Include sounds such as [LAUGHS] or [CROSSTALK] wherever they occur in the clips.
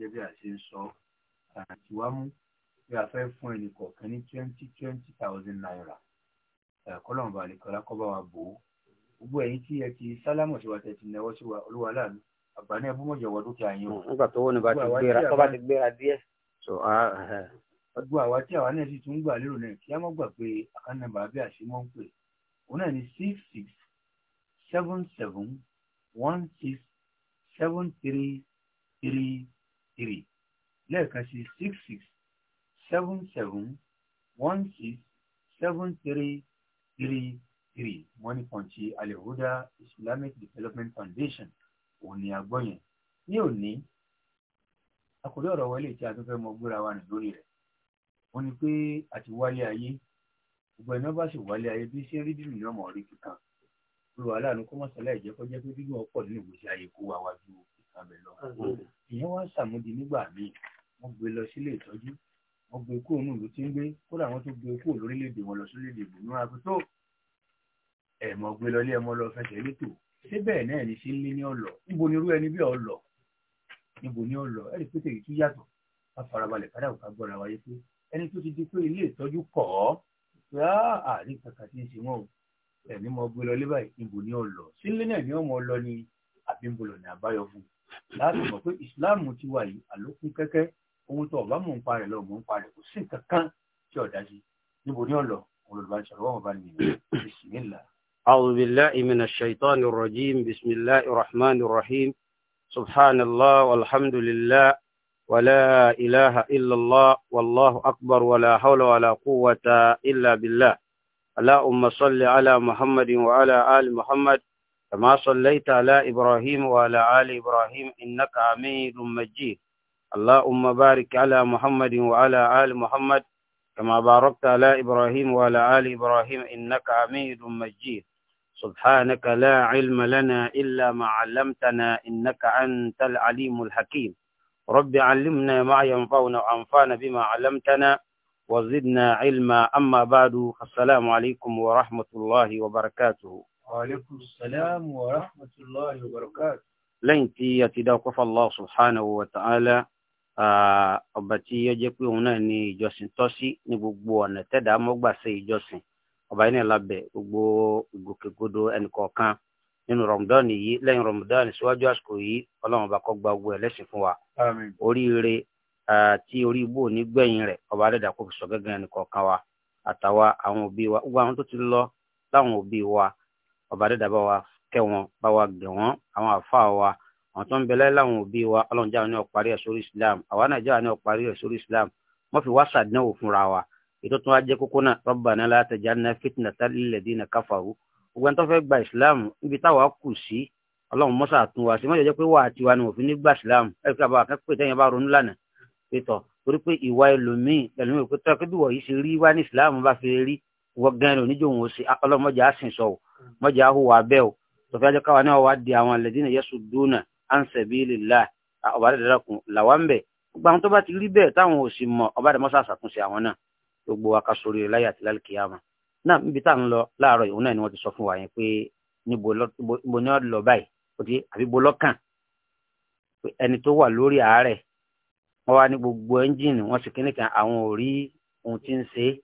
gẹ́gẹ́ bí a ṣe ń sọ àti wá mú pé a fẹ́ fún ẹnì kọ̀ọ̀kan ní twenty twenty thousand naira kọ́lọ́mù balẹ̀ kọ́lá kọ́ bá wa bò ó gbogbo ẹ̀yin tí ẹ ti sálámù sí wa tẹ̀ ti náwó sí wa olúwa láàánú àbáni ẹ bó mọ̀ jẹ̀wọ́ dúkìá yín o. nígbà tó wọ́n ní bá ti gbéra tó bá ti gbéra díẹ̀. gbogbo àwa tí àwa náà sì tún gbà lérò náà kí á má gbà pé àkànnàbà bí àṣemọ́ ń pè òun náà ní six six seven seven one six seven three three three lẹ́ẹ̀kan sí six six seven seven one six seven three three three money punch alihuda islamic development foundation òní agbọ́yẹn ní òní akọ̀dé ọ̀rọ̀ wọlé tí a tún fẹ́ mọ gbúra wa nù lórí rẹ̀ wọ́n ní pé àti wálé ayé gbogbo ẹ̀ná bá sì wálé ayé bí ṣé rí dìrì náà mọ̀ rí kíkan olùwàlà ni kọ́mọ̀sálà ìjẹ́kọ́jẹ́ pé dídùn ọ̀pọ̀ nínú ìgbésí ayé kó wa wájú o abẹ lọ ìyẹn wá ṣàmúdi nígbà míì wọ́n gbé lọ sílé ìtọ́jú wọ́n gbé kúrò ní ìlú tí ń gbé kódà wọ́n tún gbé e kúrò lórílẹ̀-èdè wọn lọ sórílẹ̀-èdè ìbùnú àkótó ẹmọ gbé lọlé ẹmọ lọ fẹsẹ̀ létò síbẹ̀ náà ní sí ń lé ní ọlọ níbo ni irú ẹni bí ọlọ níbo ni ọlọ ẹni pété yìí tún yàtọ̀ ká farabalẹ̀ kádà kó ká gbọ́ra wáyé pé ẹni tó ti di pé ilé ìtọ́jú kọ̀ ọ́ pé àárín kankan ti ń ṣe wọn o ẹni mọ gbé lọlé báyìí níbo ni ọlọ sí náà ni ọmọ ọlọ ni àbí ń bolọ ní àbáyọ fún un láti mọ̀ pé ìsìláàmù ti wà yìí àlòkún kẹ́kẹ́ ohun tó ọ̀bá mò ń parẹ̀ lọ mò ń parẹ̀ kò sí nǹkan kan tí ọ̀dà sí níbo ní ọ̀lọ́ olùbáṣọ̀rọ̀ wọn bá nìyẹn bisimilá. أعوذ بالله من الشيطان الرجيم بسم الله الرحمن الرحيم سبحان الله والحمد لله ولا إله إلا الله والله أكبر ولا حول ولا قوة إلا بالله اللهم صل على محمد وعلى آل محمد كما صليت على إبراهيم وعلى آل إبراهيم إنك عميد مجيد اللهم بارك على محمد وعلى آل محمد كما باركت على إبراهيم وعلى آل إبراهيم إنك عميد مجيد سبحانك لا علم لنا إلا ما علمتنا إنك أنت العليم الحكيم رب علمنا ما ينفعنا وأنفعنا بما علمتنا وزدنا علما أما بعد السلام عليكم ورحمة الله وبركاته Aleykum salaam wa rahmatullahi wa barakatuh. Lẹ́yìn tí a ti dá ọkọ́ f'Allah subhanahu wa ta'ala, ọba tí yóò jẹ́ pé òun náà ni ìjọsìn tọ́ sí ní gbogbo ọ̀nà tẹ́dàá mọ́gbà sí ìjọsìn. Ọba yìí náà lábẹ́ gbogbo ìgòkègbodò ẹnìkọ̀ọ̀kan nínú Ramadan yìí lẹ́yìn Ramadan síwájú àsìkò yìí ọlọ́run ọba kó gba ogun ẹlẹ́sìn fún wa. Oríire tí orí ibò ní gbẹ̀yìn rẹ̀ ọba adẹ́dàá fi sọ gẹ́gẹ́ ẹnìkọ̀ọ̀kan wa àtàwa àwọn òbí wa ọba dẹ́dà bá wa kẹ́ wọn bá wa gẹ̀ wọ́n àwọn àfa wa àwọn tó ń bẹ láyé láwọn òbí wa ọlọ́run jáwé ní ọ̀parí ẹ̀ sórí islam àwa náà jáwé ní ọ̀parí ẹ̀ sórí islam wọ́n fi wá sàdánwò fúnra wa ètò tó wá jẹ́ kókó náà rabbana la tajalna fitnatan lil ladina kafaru gbogbo ẹni tó fẹ́ gba islam níbi táwa kù sí ọlọ́run mọ́sà tún wá sí mọ́jọ́ jẹ́ pé wà á tiwa ni òfin ní gba islam ẹ̀ fi àbáwá kẹ́kọ̀ọ́ mọ́jà hùwà bẹ́ẹ̀ o tọ́fẹ́ ajọ́ káwa náà wá di àwọn alẹ́dínà yasudduna an sabilillah ọba dàdàrà kùn làwa ń bẹ̀ gbogbo àwọn tó bá ti rí bẹ́ẹ̀ táwọn ò sì mọ̀ ọba dàmọ́sà àṣàtúnṣe àwọn náà gbogbo akasori láyé àti lálùkìyàmà náà níbi tá à ń lọ láàárọ̀ ìhun náà ni wọ́n ti sọ fún wa yẹn pé níbo ni wọ́n lọ báyìí àbí bo lọ́kàn ẹni tó wà lórí àárẹ̀ wọ́n wá ní gbogbo ẹ́ńjìnì wọ́n sì kíníkan àwọn ò rí ohun tí ń ṣe é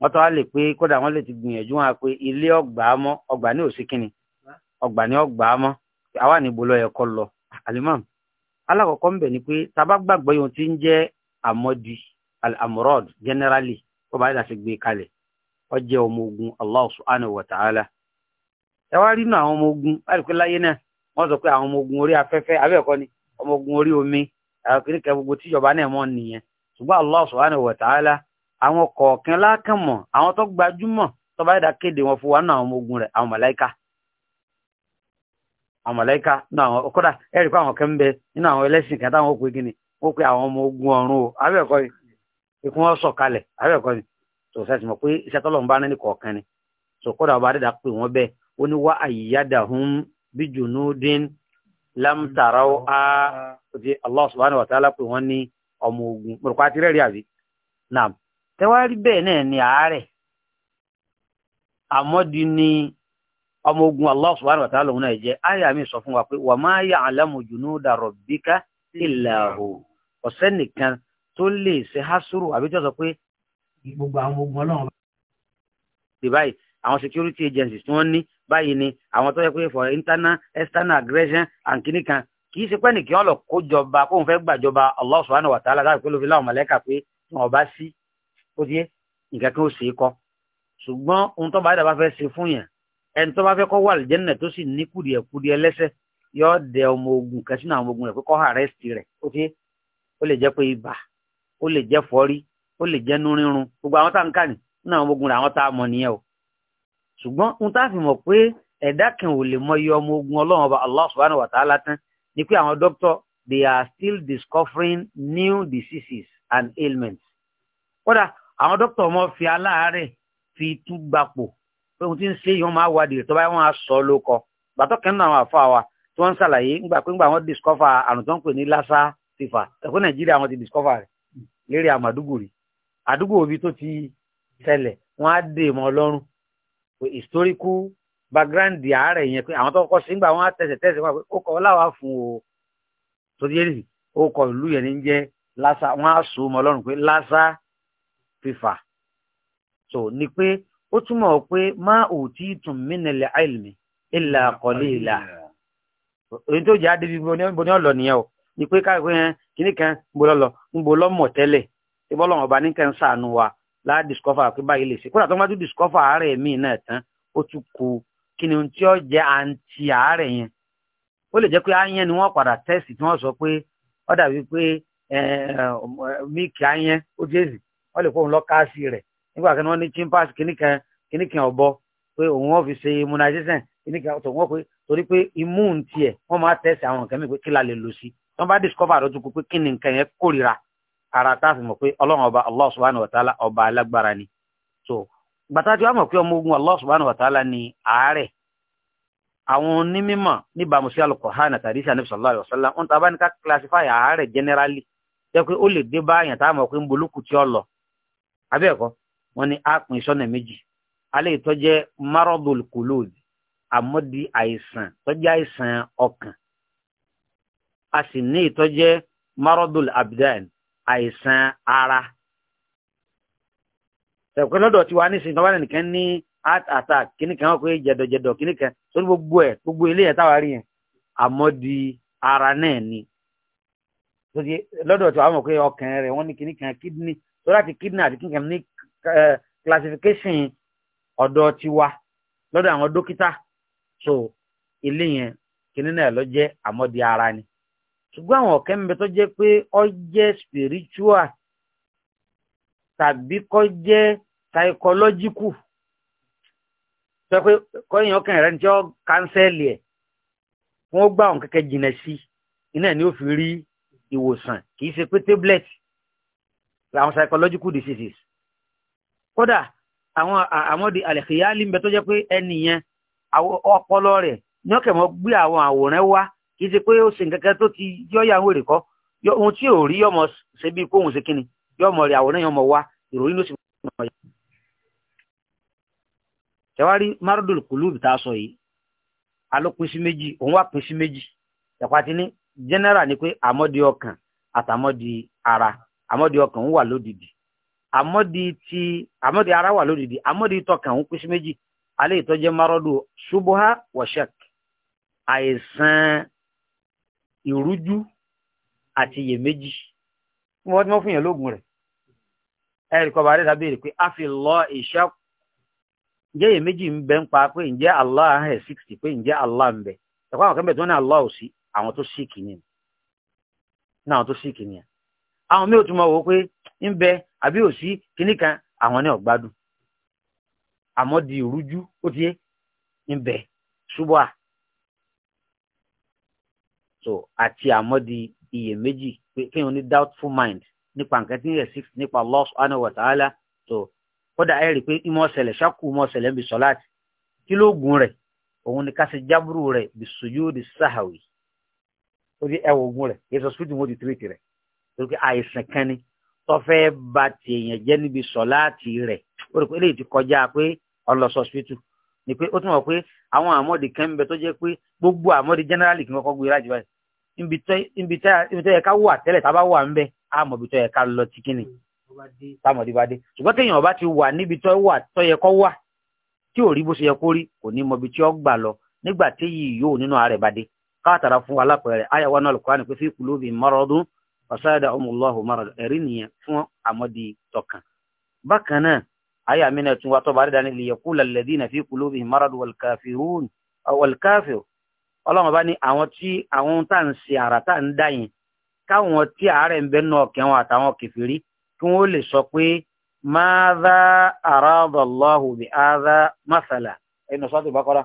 wọ́n tọ́ wá lè pé kódà wọ́n lè ti gbìyànjú wọn pé ilé ọgbà mọ́ ọgbà ní òsì kínni ọgbà ní ọgbà mọ́ àwa níbo lọ ẹ̀kọ́ lọ alimam alákọ̀ọ́kọ́ ń bẹ̀ ni pé tábà gbàgbọ́ yòó ti ń jẹ́ amọ́di amurad generally tó bá yàtọ̀ sí gbé kalẹ̀ ó jẹ́ ọmọ ogun Allah subhanahu wa ta'ala ẹ wá rí inú àwọn ọmọ ogun àdìpé láyé náà wọ́n sọ pé àwọn ọmọ ogun orí afẹ́fẹ́ abẹ́ẹ̀kọ́ ni ọmọ ogun orí omi àwọn kìnnìkan gbogbo tíjọba náà mọ̀ nìyẹn ṣùgbọ́n Allah subhanahu wa ta'ala àwọn kọ̀ọ̀kan lákànmọ̀ àwọn tó gbajúmọ̀ tó bá dá kéde wọn fún wa náà àwọn ọmọ ogun rẹ̀ àwọn màláíkà àwọn màláíkà náà àwọn kódà ẹ̀rí pé àwọn kan ń bẹ nínú àwọn ẹlẹ́sìn kan táwọn òkú pe ogun ọ̀run o ni ikú wọn kalẹ̀ ni tó sẹ́sì mọ̀ ni tó kódà ọba pé wọ́n ó ní wá á Allah subhanahu wa tẹwárí bẹ́ẹ̀ náà ni àárẹ̀ àmọ́dí ni ọmọ ogun Allah subhanahu wa ta'ala lòun náà jẹ́ àyà mi sọ fún wa pé wa ma ya'lamu junuda rabbika illa hu ọ̀sẹ́ nìkan tó lè ṣe hásùrù àbí tó sọ pé gbogbo àwọn ogun ọlọ́run báyìí àwọn security agencies tí ní báyìí ni àwọn tó pé for internal external aggression and kìíní kan ó ti yé nǹkan kan ó ṣe é kọ́ ṣùgbọ́n ohun tó bá dàbá fẹ́ ṣe fún yẹn ẹni tó bá fẹ́ kọ́ wà lìjẹ́nà tó sì ní kùdìẹ̀ kùdìẹ̀ lẹ́sẹ̀ yóò dẹ ọmọ ogun kan sínú àwọn ogun rẹ̀ pé kọ́ àrẹ́sì rẹ̀ ó ti yé ó lè jẹ́ pé ibà ó lè jẹ́ fọ́rí ó lè jẹ́ nú rírun gbogbo àwọn tá à ń kà ní nínú àwọn ogun rẹ̀ àwọn tá a mọ̀ nìyẹn o ṣùgbọ́n ohun tá a fi mọ̀ pé ẹ̀dá kan ò lè mọ iye ọmọ ogun ọlọ́run ọba Allah subhanahu wa ta'ala tán ni pé àwọn dókítọ̀ they are still discovering new diseases and ailments. kódà àwọn dókítà ọmọ fi aláàárẹ̀ fi tú gbapò pé òun ti ń ṣe ìyọ́n máa wádìí tó bá wọn á sọ ló kọ bàtọ́ kẹ́nu náà àwọn àfa wa tí wọ́n ń ṣàlàyé ńgbà pé ńgbà wọ́n discover àrùn tó ń pè ní lassa fever ẹ̀kọ́ nàìjíríà wọ́n ti discover rẹ̀ lérí àwọn àdúgbò rẹ̀ àdúgbò òbí tó ti ṣẹlẹ̀ wọ́n á dè mọ́ ọlọ́run historical background àárẹ̀ yẹn pé àwọn tó kọ́ sí ńgbà wọ́n á tẹ̀sẹ̀ tẹ̀sẹ̀ wá pé ó kọ́ láwa fún o tó dé rí ó kọ ìlú yẹn ní jẹ́ lassa wọ́n á so mọ́ ọlọ́run pé lassa fífà so ni pé ó túmọ̀ pé má òtí tún mínẹ̀lẹ̀ àìlmi ìlà àkọlẹ̀ ìlà èyí tó jẹ́ adébí bo ní ọ̀lọ́ nìyẹn o ni pé káàkiri yẹn kíní kan ń bo lọ́lọ́ ń bo lọ́mọ̀ tẹ́lẹ̀ ìbọ́lọ́wọ̀n ọba ní kẹ́hìn sàánú wa láà discover pé báyìí lè ṣe kódà tó ń discover àárẹ̀ míì náà tán ó tún kú kí tí ó jẹ́ àǹtí àárẹ̀ yẹn ó lè jẹ́ pé áyẹn ni wọ́n padà tẹ́sì tí wọ́n sọ pé ó dàbí pé míìkì áyẹn ó jẹ́sì wọ́n lè kó òun lọ káàsì rẹ̀ nígbà kan wọ́n ní chimpanzee kìnnìkan kìnnìkan ọ̀bọ pé òun wọ́n fi ṣe immunization kìnnìkan tó wọ́n pé torí pé immune tiẹ̀ wọ́n máa tẹ̀sí àwọn nǹkan mi pé kí la lè lò sí wọ́n ara tá a fi mọ̀ pé ọlọ́run ọba allah subhanahu wa ta'ala ọba alágbára ni so gbàtà tí wàá mọ̀ pé ọmọ ogun allah subhanahu wa ta'ala ni àárẹ̀ àwọn onímọ̀ níbàámu sí abẹ́ẹ̀kọ́ wọn ni a pín sọ́nà méjì alẹ́ tó marodol kulod àmọ́dí àìsàn tó àìsàn ọkàn a sì ní marodol abdan àìsàn ara ẹ̀kọ́ lọ́dọ̀ tí wà nísìnyí tó bá nìkan ní heart attack kíní kan kó jẹ̀dọ̀jẹ̀dọ̀ kíní kan sórí gbogbo ẹ̀ gbogbo eléyẹ̀ táwa rí yẹn ara náà ni tó láti kidney àti kíkan ní classification ọ̀dọ̀ tiwa lọ́dọ̀ àwọn dókítà so ilé yẹn kìnínní náà lọ jẹ́ àmọ́dí ara ni ṣùgbọ́n àwọn ọ̀kẹ́ mi tó jẹ́ pé ó jẹ́ spiritual tàbí kó jẹ́ psychological sọ pé kọ́yìn ọkàn rẹ̀ ní tí ó kánsẹ́ẹ̀lì ẹ̀ wọ́n gbà wọn kẹ́kẹ́ jìnnà sí iná ni ó fi rí ìwòsàn kì í ṣe pé tablet àwọn psychological diseases kódà àwọn àwọn di àlẹ̀kìyálì ń bẹ tó jẹ́ pé ẹni yẹn ọpọlọ rẹ̀ ní ọ̀kẹ́ mọ́ gbé àwọn àwòrán wá kì í ṣe pé ó ṣe nǹkankan tó ti yọ́yà ń wèrè kọ́ ohun tí ò rí yọmọ ṣe bí kóhun ṣe kíni yọmọ rẹ̀ àwòrán yọmọ wá ìròyìn ló sì mọ̀ yá. ṣẹ̀wárí mardul kulub tá a sọ yìí alópin sí méjì òun wá pin sí méjì ẹ̀pá ní general ni pé àmọ́dí ọkàn àtàmọ́dí ara. àmọ́dé ọkàn ụwa wà lódìdí àmọ́dé ti àmọ́dé ara wà lódìdí àmọ́dé tọkàn ń pín méjì alẹ́ ìtọ́jẹ́ márọ́dù wọ̀ṣẹ́k àìsàn ìrújú àti fún tí fún lọ ìṣẹ́ ǹjẹ́ iyèméjì ń bẹ ń pa pé Allah pé Allah ń bẹ àwọn ní Allah ò sí àwọn àwọn mi ò tún mọ wò ó pé ń bẹ àbí ò sí kinní kan di ìrújú ó ti ń bẹ so àti di iyèméjì pé kí doubtful mind nípa nǹkan tí ń yẹ sí nípa Allah so kódà ẹ rí i pé ìmọ̀ ọ̀sẹ̀lẹ̀ ṣáku ìmọ̀ ọ̀sẹ̀lẹ̀ ń bi ni ká ṣe rẹ̀ ó di ogun rẹ̀ torí pé àìsàn kan ni tọ́fẹ́ bá ti èèyàn jẹ́ níbi sọ̀láàtì rẹ̀ ó rí pé eléyìí ti kọjá pé ọlọ́sọ̀sìpítù ni pé ó tún mọ̀ pé àwọn àmọ́dé kan ń bẹ tó jẹ́ pé gbogbo àmọ́dé jẹ́nẹ́rálì kí wọ́n kọ́ gbé láti báyìí níbi tó yẹ ká wà tẹ́lẹ̀ tá a bá wà ń bẹ àmọ́ ibi tó yẹ ká lọ tí kínni támọ̀dé bá dé ṣùgbọ́n téèyàn ọba ti wà níbi tó wà tó yẹ kó wà tí ò rí bó ṣe yẹ kó rí kò ní mọ ibi tí ó gbà lọ nígbà téyì yóò nínú ààrẹ bá dé káàtàrà fún alápẹ̀rẹ̀ àyàwó náà lùkọ́ àná pé fíkùlù bíi mọ́rọ́dún fasada ọmọlọ́hùn mara ẹ̀rí nìyẹn fún àmọ́dí tọkàn. bákan náà ayé àmínà tún wá tọ́ba àrídà ní lìyẹ̀kú làlẹ́dí nàfi kùlóbì maradu wàlkàfírún wàlkàfír ọlọ́run bá ní àwọn tí àwọn tá à ń ṣe àrà tá à ń dá yẹn káwọn tí àárẹ̀ ń bẹ náà kẹwọn àtàwọn kẹfìrí kí wọ́n lè sọ pé máadá àràdọ̀lọ́hù bí áadá másàlà ẹnu sọ́tò bákọ́rá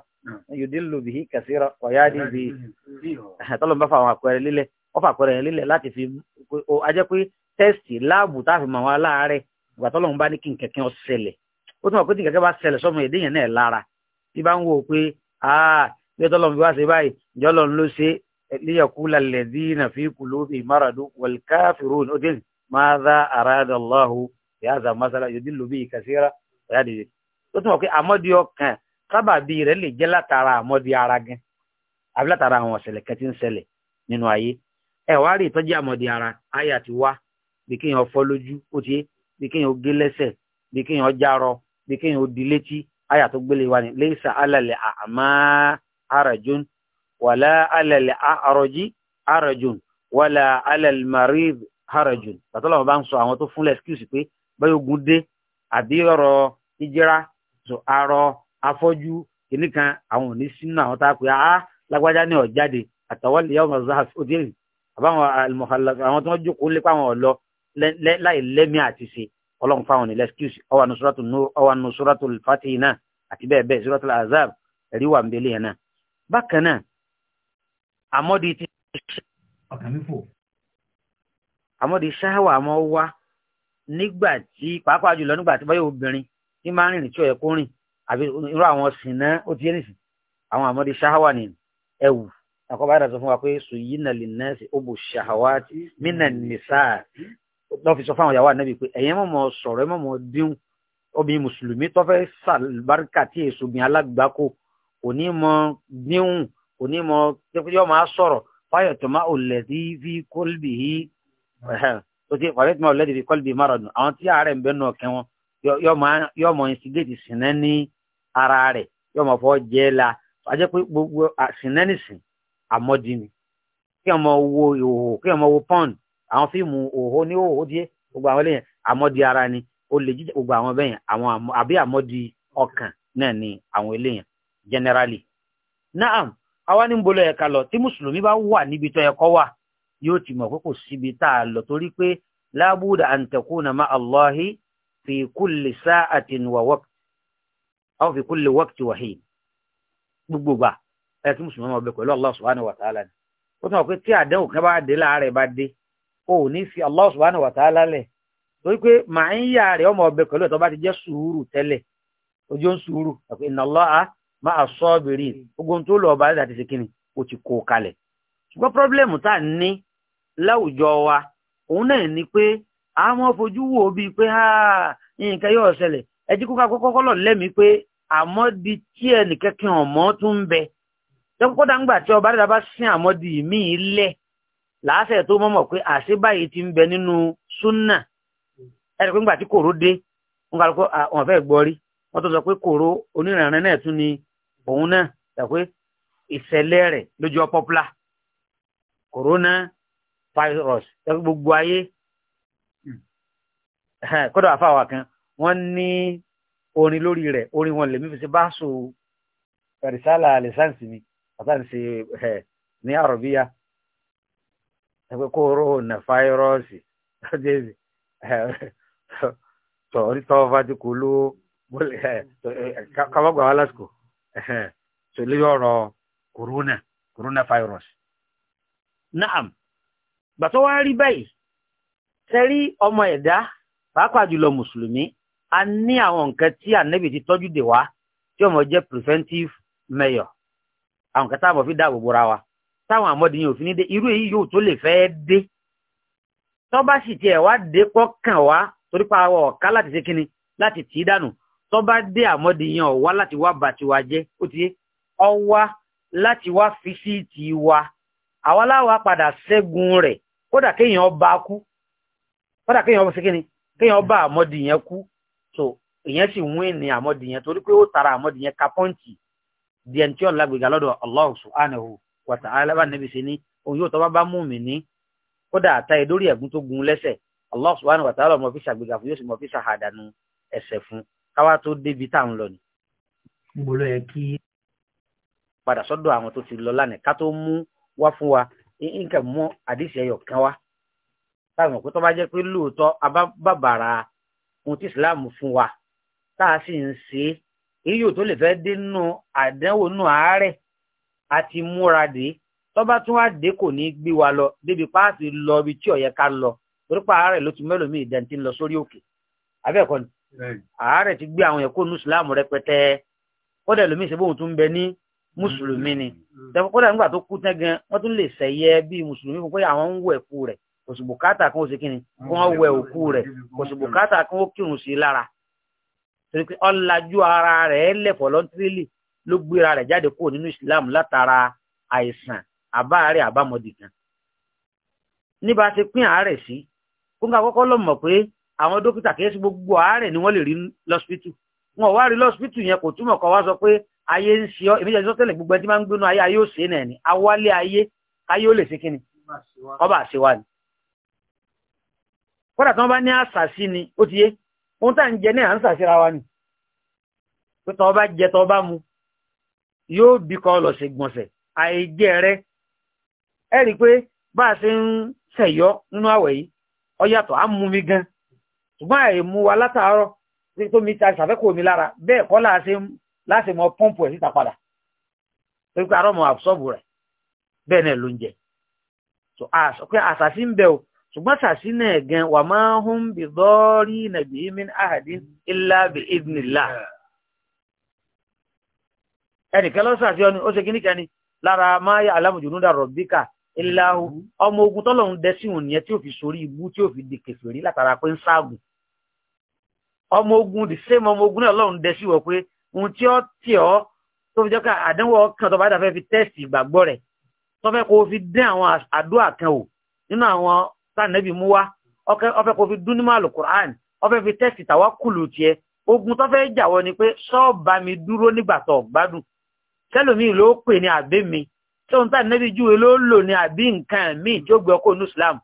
yòdìlù bìí kàṣírà ọ̀yá dìbì tọ́lọ́ wọ́n fàpẹẹrẹ yẹn lélẹ̀ láti fi o a jẹ́ pé tẹ́sì láàbù tá a fi mọ̀ wá láàárẹ̀ ìgbà tó lọ́run bá ní kí n kẹ̀kẹ́ ọ̀sẹ̀lẹ̀ ó tún wà pé tí kẹ̀kẹ́ bá ṣẹlẹ̀ sọ́mọ èdè yẹn náà lára bí bá ń wò ó pé aa bí ó tọ́lọ́run fi wá ṣe báyìí ìjọ lọ́run ló ṣe líyàkú lálẹ́ dínà fi kùlù bí maradu wàlkáfìrún ó dín máadá àràdàláhu yàtà masala yòdì lóbi kàṣíra ọ̀yàdì ó tún wà pé àmọ́dí ẹ wá rí ìtọ́jú àmọ̀dì ara àyà ti wá bí kéèyàn fọ́ lójú ó ti bí kéèyàn gé lẹ́sẹ̀ bí kéèyàn bí kéèyàn di létí àyà tó gbélé wa ni léṣà alàlẹ̀ àmà àràjùn wàlà alàlẹ̀ àrọ̀jì àràjùn bàtà lọ́wọ́ bá ń sọ àwọn tó fúnlẹ̀ pé báyọ̀ ogun dé àbí ọ̀rọ̀ ìjẹ́ra so arọ afọ́jú kìnnìkan àwọn ò ní sínú àwọn tá a pè á lágbájá ní ọ̀jáde àtàwọ́lẹ̀ àbáwọn àlùmọ̀hálà àwọn tí wọ́n jókòó lépa àwọn ọ̀lọ́ láì lẹ́mí àti ṣe ọlọ́run fáwọn nílẹ̀ excuse ọwà nusuratu ọwà nusuratu fati náà àti bẹ́ẹ̀ bẹ́ẹ̀ suratul azab ẹ̀rí wà nbẹ̀lẹ̀ yẹn náà. bákan náà àmọ́dí ti àmọ́dí ṣáwà mọ́ wá nígbà tí pàápàá jùlọ nígbà tí báyọ̀ obìnrin tí máa ń rìn tí ó kó rìn àbí irú àwọn sìn náà ó ti yé nìsín àwọn àmọ́dí ṣáwà ni ẹ̀wù àkọ́bá ìdá sọ fún wa pé sùyínà lè nẹ́ẹ̀sì ó bò ṣàwá mínà nìsá lọ́ọ́ fi sọ fáwọn ìyàwó ànábì pé ẹ̀yẹ́ mọ̀mọ́ sọ̀rọ̀ ẹ̀ mọ̀mọ́ dín obìnrin mùsùlùmí tó fẹ́ sàlùbáríkà tí èso obìnrin alágbàkó kò ní mọ díhùn kò ní mọ tẹ́kùjọ́ máa sọ̀rọ̀ fáyọ̀ tó máa ò lẹ̀dí fi kólbì hí tó ti fàyọ̀ tó máa ò lẹ̀dí fi kólbì márùn-ún àwọn tí ààrẹ ń bẹ́ nù ọ̀kẹ́ wọn yọ mọ instigate sinẹ́ ní ara rẹ̀ yọ mọ fọ́ jẹ́ la wàá gbogbo sinẹ́ nìsín àmọ́dí ni kí ọmọ wo ìhòhò kí ọmọ wo pọ́n àwọn fíìmù òhò ní òhò díẹ̀ gbogbo ara ni ó lè jíjẹ gbogbo àwọn bẹ́yẹn àwọn àbí àmọ́dí ọkàn náà ni àwọn eléyẹn generally. naam àwa ní bolo ẹ̀ka lọ tí mùsùlùmí bá wà níbi tó yẹ wà yóò ti mọ̀ a lọ torí pé lábúdà an takuna ma Allahi fi wa fi ẹ kí mùsùlùmí ọmọ ọbẹ pẹ̀lú Allah subhanahu wa ta'ala ni ó tún wà pé tí àdéhùn kan bá dé láàárẹ̀ bá dé o ò ní fi Allah subhanahu wa ta'ala lẹ̀ torí pé màá ń yà ọmọ ọbẹ pẹ̀lú ẹ̀tọ́ bá ti jẹ́ sùúrù tẹ́lẹ̀ ojú ń sùúrù ọba ó ti kó tá láwùjọ wa òun náà pé fojú wò bíi pé nǹkan yóò ẹjí kó tó kódà ńgbà tí ọba dàda bá sin àmọ́dì míì lẹ̀ làásẹ̀ tó mọ̀mọ̀ pé àṣé báyìí ti ń bẹ nínú súnà ẹ̀rọ pé ńgbà tí kòró dé wọn kà ló kọ́ àwọn fẹ́ gbọ́ rí wọ́n tó sọ pé kòró oníranran náà tún ni òun náà yà pé ìṣẹ̀lẹ̀ rẹ̀ lójú ọ pọ́pùlà corona virus yà pé gbogbo ayé kódà àfàwà kan wọ́n ní orin lórí rẹ̀ orin wọn lèmi fi ṣe báṣọ rìsálà àlẹ́sáǹsì mi àtàn ṣe ẹ ní àròbíyá ẹgbẹ́ kóró nà fáírọ́ọ̀sì ọdẹ́sì ẹ tọ̀ orítọ́ fàtíkù ló kábàgbà wà lásìkò tó lè ọ̀rọ̀ kòrónà kòrónà fáírọ́ọ̀sì. naam gbàtọ́ wá rí báyìí sẹ́rí ọmọ ẹ̀dá pàápàá jùlọ mùsùlùmí a ní àwọn nǹkan tí ànẹ́bì ti tọ́jú dè wá tí ọmọ jẹ́ preventive measure àwọn kan táàbọ̀ fi dáàbò bora wa táwọn àmọ́dìyàn òfin ní dé irú èyí yóò tó lè fẹ́ dé tó bá sì tiẹ̀ wá dé kọ́ kàn wá torí pa àwọ̀ ọ̀ká láti ṣe kíni láti tì í dànù tó bá dé àmọ́dìyàn ọ̀wá láti wá bàtì wa jẹ́ ó ti yé ọwá láti wá fi sí ti wa àwa láwa padà ṣẹ́gun rẹ̀ kódà kéèyàn ọba kú kódà kéèyàn ọba ṣe kíni kéèyàn ọba àmọ́dìyàn kú so èèyàn sì wín ní àmọ́dìyàn torí pé ó tara àmọ́dìyàn ka pọ́ǹtì di ẹni tí ó lọ́dọ̀ Allah subhanahu wa ta'ala bá níbi sí ní òun yóò tọ́ba bá mú mi ní kódà àtà ìdórí ẹ̀gún tó gun lẹ́sẹ̀ Allah subhanahu wa ta'ala mọ̀ fi ṣàgbéga fún yóò sì mọ̀ fi ṣàhàdànù ẹ̀sẹ̀ fún káwá tó débi tá à ń lọ ni. gbolo yẹ kí. padà sọ́dọ̀ àwọn tó ti lọ lánàá ká tó mú wá fún wa nǹkan mú àdìsí ẹyọ kan wá táwọn òkú tó jẹ́ pé lóòótọ́ abábàbàrà tá a sì iyò tó lè fẹ́ dé nù àdánwò nù àárẹ̀ àti múra dé tọ́ba tún wá dé kò ní gbé wa lọ débi páàsì lọ ibi tí ó yẹ ká lọ torípa àárẹ̀ ló ti mẹ́lòmíì ìdẹ̀ntì ń lọ sórí òkè abẹ́ẹ̀kọ́ ni àárẹ̀ ti gbé àwọn yẹn kó nu ìsìláàmù rẹpẹtẹ kódà lómi ṣe bóun tún bẹ ní mùsùlùmí ni mm-hmm. kódà nígbà tó kú tán wọ́n tún lè ṣẹ̀yẹ bí mùsùlùmí fún pé àwọn ń wọ ẹ̀kú rẹ̀ kò kan ó ṣe kíni kí wọ́n wọ ẹ̀kú rẹ̀ kò kan ó kírun sí lára torí pé ọ̀làjú ara rẹ̀ lẹ̀ fọlọ́ntírìlì ló gbéra rẹ̀ jáde kúrò nínú ìsìlámù látara àìsàn àbáàrẹ̀ àbámọ̀dì kan níbà ti pín àárẹ̀ sí kóńgá kọ́kọ́ lọ mọ̀ pé àwọn dókítà kìí sí gbogbo àárẹ̀ ni wọ́n lè rí lọ́sípítù wọn ò wá rí lọ́sípítù yẹn kò túmọ̀ kọ́ wá sọ pé ayé ń ṣe ọ́ èmi jẹ́ sọ́tẹ̀lẹ̀ gbogbo ẹtí máa ń gbénu ayé ayé ò ṣe é nẹ̀ni awálé ayé ayé ó lè ṣe kíni ọba àṣewá ni. kódà tí wọ́n bá ní àṣà sí ni ó ti yé ohun tá ń jẹ náà ń sàṣíra wa ni pé tọ́ bá jẹ tọ́ bá mu yóò bí kọ́ lọ sí gbọ̀nsẹ̀ àìjẹ rẹ ẹ rí i pé bá a ṣe ń ṣẹ̀yọ́ nínú àwẹ̀ yìí ó yàtọ̀ á mú mi gan ṣùgbọ́n àìmú wa látàárọ̀ tó mi ta ṣàfẹ́kọ̀ọ́ mi lára bẹ́ẹ̀ kọ́ láti mọ pọ́ǹpù ẹ̀ síta padà torí pé arọ́mọ àbùsọ̀bù rẹ̀ bẹ́ẹ̀ náà ló ń jẹ so pé àṣàṣì ń bẹ o ṣùgbọ́n sàṣí náà gan wà máa ń bí dọ́rí nàbí min ahadin illa bi idnillah ẹnìkan lọ sàṣí ọ ni ó ṣe kíní kan ni lára máa yà alámùjùnú dà rọ̀bíkà illa hu ọmọ ogun tọ́lọ́run dẹ sí òun yẹn tí ò fi sórí ibú tí ò fi di kèfèrí látara pé ń ságùn ọmọ ogun the same ọmọ ogun náà lọ́run dẹ sí wọ pé ohun tí ó tì ọ́ tó fi jẹ́ ká àdánwò ọkàn tó bá dà fẹ́ fi tẹ́sì ìgbàgbọ́ rẹ̀ tó fẹ́ kó fi dín àwọn àdúrà kan wò nínú àwọn sànẹ́bì mú wá ọfẹ́ kò fi dún nímọ̀ alukur'an ọfẹ́ fi tẹ́sì tàwa kùlù tiẹ̀ ogun tó fẹ́ jàwọ́ ni pé sọ́ọ̀bà mi dúró nígbà tó gbádùn sẹ́lòmíì ló pè ní àbẹ́ mi tóun tá nẹ́bí júwe ló lò ní àbí nǹkan míì tí ó gbé ọkọ̀ ní Islam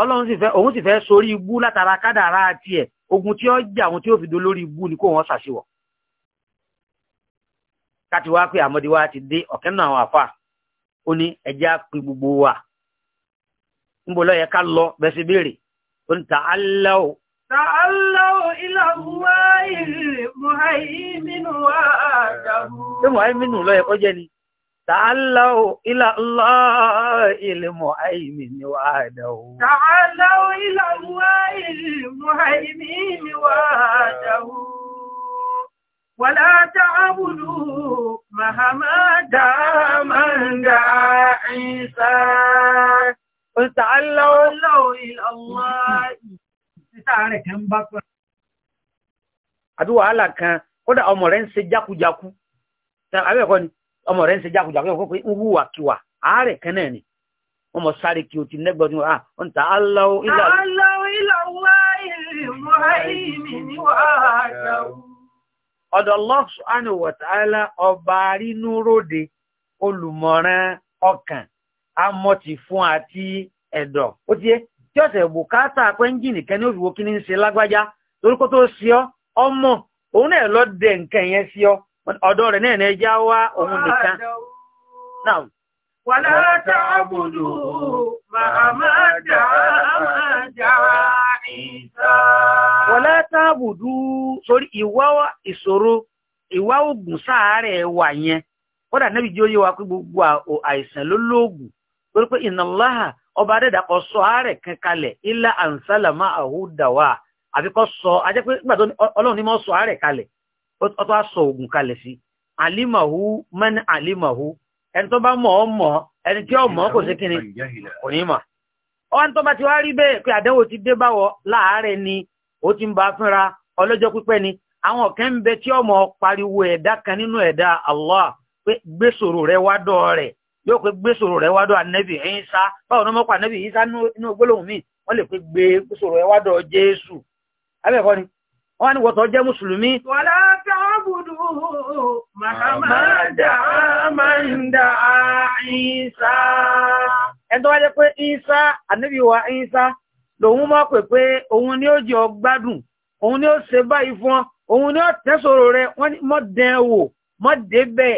ọlọ́run sì fẹ́ òun sì fẹ́ sórí ibú látara kádàrá tiẹ̀ ogun tí ó jà àwọn tí ó fi do lórí ibú ni kó wọn ṣàṣìwọ̀ káti wá pé àmọ́dé wa ti dé ọ̀kẹ́ náà àwọn àfà ó ní ẹjẹ́ á pe gbogbo wa níbo ló yẹ ká lọ bẹ́ẹ̀ sì béèrè ó ní ta'allaw. ta'allaw ila Allahi muhaiminu wa àdàbù. ṣé muhaiminu ló yẹ kó jẹ́ ni ta'allaw ila Allahi muhaiminu wa àdàbù. ta'allaw ila Allahi muhaiminu wa àdàbù. ولا تعبدوا مهما دام داعسا Olùtàálọ́ ọlọ́run ìlọ́lá títà rẹ̀ kan bá pẹ̀lú. Àbí wàhálà kan, kódà ọmọ rẹ̀ ń ṣe jákújákú. Àbẹ́ẹ̀kọ́ ni ọmọ rẹ̀ ń ṣe jákújákú yóò kọ́kọ́ ń wúwà kíwà, àárẹ̀ kan náà ni. Wọ́n mọ̀ sáré kí o ti ah, Allah subhanahu wa ta'ala ọba amọ̀tì fún àti ẹdọ ó ti yé tí ọ̀sẹ̀ bùkátà pé ẹ́ńjìnì kan ní òfìwò kí ní ṣe lágbájá lórúkọ tó ọ ọmọ òun náà lọ dẹ nǹkan yẹn sí ọ ọdọ rẹ náà ẹja wá òun nìkan. wàlá ìwà ìṣòro ìwà wà yẹn kódà níbi gbogbo àìsàn ló torí pé ìnàláhà ọba adẹ́dàkọ sọ ààrẹ kan ilá ànsálàmà àhúdàwà àfikọ́ sọ ajẹ́ pé nígbà ọlọ́run ní mọ́ sọ ààrẹ kalẹ̀ ọtọ́ sọ ògùn kalẹ̀ sí alimahu mẹ́ni alimahu ẹni tó bá mọ̀ ọ́ mọ̀ ẹni tí ó mọ̀ kò sí kíni kò ní mọ̀ bá ti wá rí bẹ́ẹ̀ pé àdánwò ti dé pariwo ẹ̀dá kan nínú ẹ̀dá Allah pé gbèsòrò rẹ yóò pe gbé sòrò rẹ̀ wádọ́ ànẹ́bì ẹ̀yìnsá pa anabi ẹ̀yìnsá nínú gbólóhùn míì wọ́n lè pé gbé sòrò rẹ̀ wádọ́ jésù abẹ́ẹ̀kọ́ ni wọ́n wá ní wọ́tọ̀ jẹ́ mùsùlùmí. wàlá ẹni tó wá pé wa lòun báyìí fún ọ òun ni ó rẹ wọn wò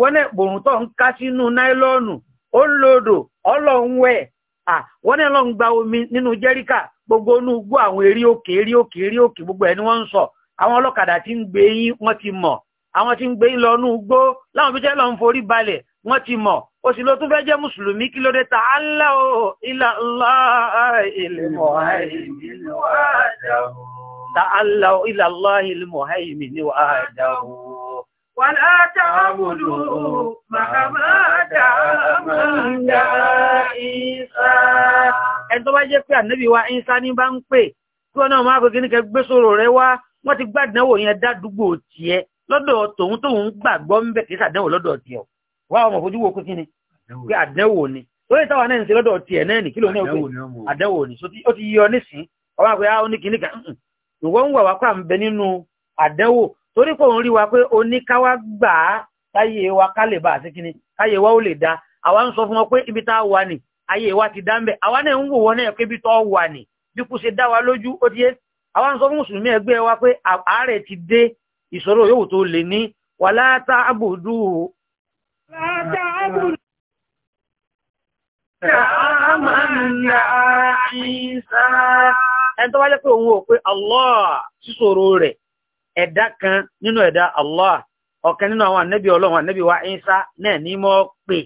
wọ́n náà gbòòrùn tó ń ká sínú náílọ́ọ̀nù ó ń ẹ̀ ọlọ́ọ̀wẹ̀ wọ́n náà lọ ń gba omi nínú jẹrika gbogbo inú àwọn eré òkè eré òkè eri òkè gbogbo ẹ̀ ni wọ́n sọ àwọn ọlọ́kadà ń gbé yín wọ́n ti mọ̀ àwọn ń gbé yín lọ láwọn fi lọ balẹ̀ wọ́n ti mọ̀ ló tún fẹ́ jẹ́ mùsùlùmí ولا تعبدوا مهما دام يا عيسى ẹni tó bá jẹ́ pé ànábì wa Ìsá ní bá ń pè tí wọ́n náà máa fi kíníkẹ gbé sọ̀rọ̀ rẹ̀ wá wọ́n ti gbàdánwò yẹn dádúgbò tiẹ̀ lọ́dọ̀ tòun tóun gbàgbọ́ ń bẹ̀ kí sàdánwò lọ́dọ̀ tiẹ̀ wá ọmọ fojú wo kókí ni pé àdánwò ni lórí táwọn náà ń ṣe lọ́dọ̀ tiẹ̀ náà nì kí ló ní òkè àdánwò ni ó ti yọ nísìn ọmọ àgbẹ̀ á ah, ó ní kíníkà ìwọ ń wà wá pà ń bẹ nínú àdánwò torí pé òun rí wa pé oníkáwá gbà á káyé wa ká lè bá àti kíní káyé wa ó lè dá àwa ń sọ fún wọn pé ibi tá a wà ní ayé wa ti dá ń bẹ àwa náà ń wò wọn náà pé ibi tó wà ní bí kò ṣe dá wa lójú ó ti yé àwa ń sọ fún mùsùlùmí ẹgbẹ́ wa pé àárẹ̀ ti dé ìṣòro yòówù tó lè ní wà látà àbùdù. látà àbùdù. ẹni tó wá lẹ́ pé òun ò pé Allah síṣòro rẹ̀ ẹ̀dá kan nínú ẹ̀dá Allah ọ̀kan nínú àwọn ànẹ́bí ọlọ́run ànẹ́bí wa Ìsá náà ní mọ́ pè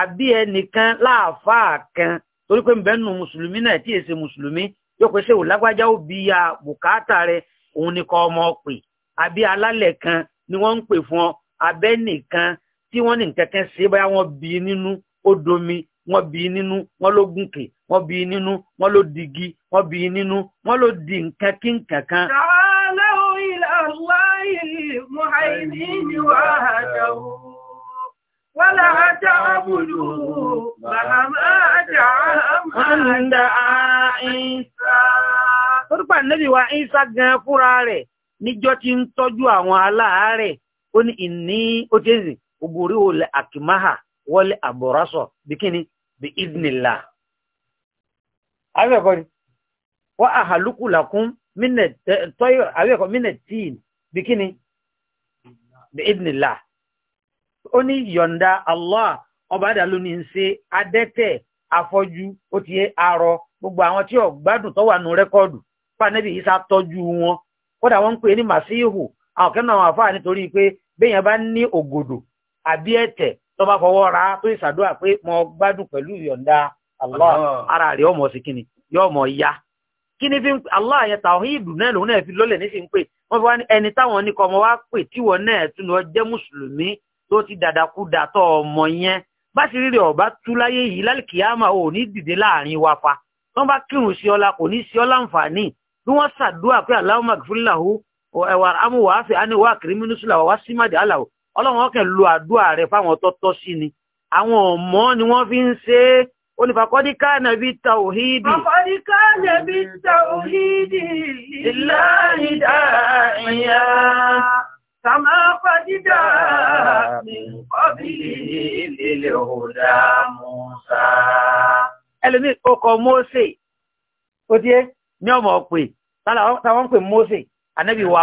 àbí ẹnìkan láàfáà kan torí pé mbẹ́nu mùsùlùmí náà tí èsè mùsùlùmí yóò pèsè ò lágbájá ó bí ya bùkátà rẹ òun ni kọ́ ọmọ pè àbí alálẹ̀ kan ni wọ́n ń pè fún ọ abẹ́ nìkan tí wọ́n ní kẹ̀kẹ́ ṣe báyà wọ́n bí nínú odomi wọ́n bí nínú wọ́n ló gùnkè wọ́n bí nínú wọ́n ló digi wọ́n bí nínú wọ́n ló di nǹkan kí nǹkan kan. عينه orúkọ ànábì wa Ìsá gan fúnra rẹ̀ níjọ́ tí ń tọ́jú àwọn aláàárẹ̀ ó ní ìní ó ògbórí olè àkìmáhà wọlé àbọ̀rásọ̀ bí idinilá ó ní yọ̀ǹda allah ọba àdàlú ní í ṣe adẹ́tẹ̀ afọ́jú ti gbogbo àwọn tí ó gbádùn tó wà nù yìí wọn kódà wọ́n ń pè ní màsíhù àwọn àwọn àfáà nítorí pé béèyàn bá ní ògòdò àbí tó bá ra tó ìṣàdúrà pé mo gbádùn ya kí ní fi ń pè Allah yẹn tàwíìdù náà lòun náà fi lọ́lẹ̀ ní fi ń pè wọ́n fi wá ní ẹni táwọn ní kọmọ wá pè tíwọ náà tún lọ jẹ́ mùsùlùmí tó ti dàdàkú dàtọ̀ ọmọ yẹn bá sì rírẹ̀ ọ̀bá tú láyé yìí lálìkìyàmà ò ní dìde láàrin wa fa wọ́n bá kírun sí ọlá kò ní sí ọlá ǹfààní bí wọ́n ṣàdúrà pé Allahumma ighfir lahu ẹ̀wà amúwàáfẹ́ aníwá kìrìmínúsùlà wà símàdì aláwọ̀ ọlọ́run ọkẹ̀ lu àdúrà rẹ̀ fáwọn ni àwọn ọmọ ni wọ́n onífàkọ́dí káànà bí tàwòhídì. Àfọ́dí káànà bí tàwòhídì ìlànìdá ìyá. Sàmà fàdídà ní ọbílì ìlẹ̀ òdà Mùsà. Ẹlùmí ọkọ̀ Mósè, ó díẹ̀ ní ọmọ pè, tàwọn pè Mósè, ànábì wa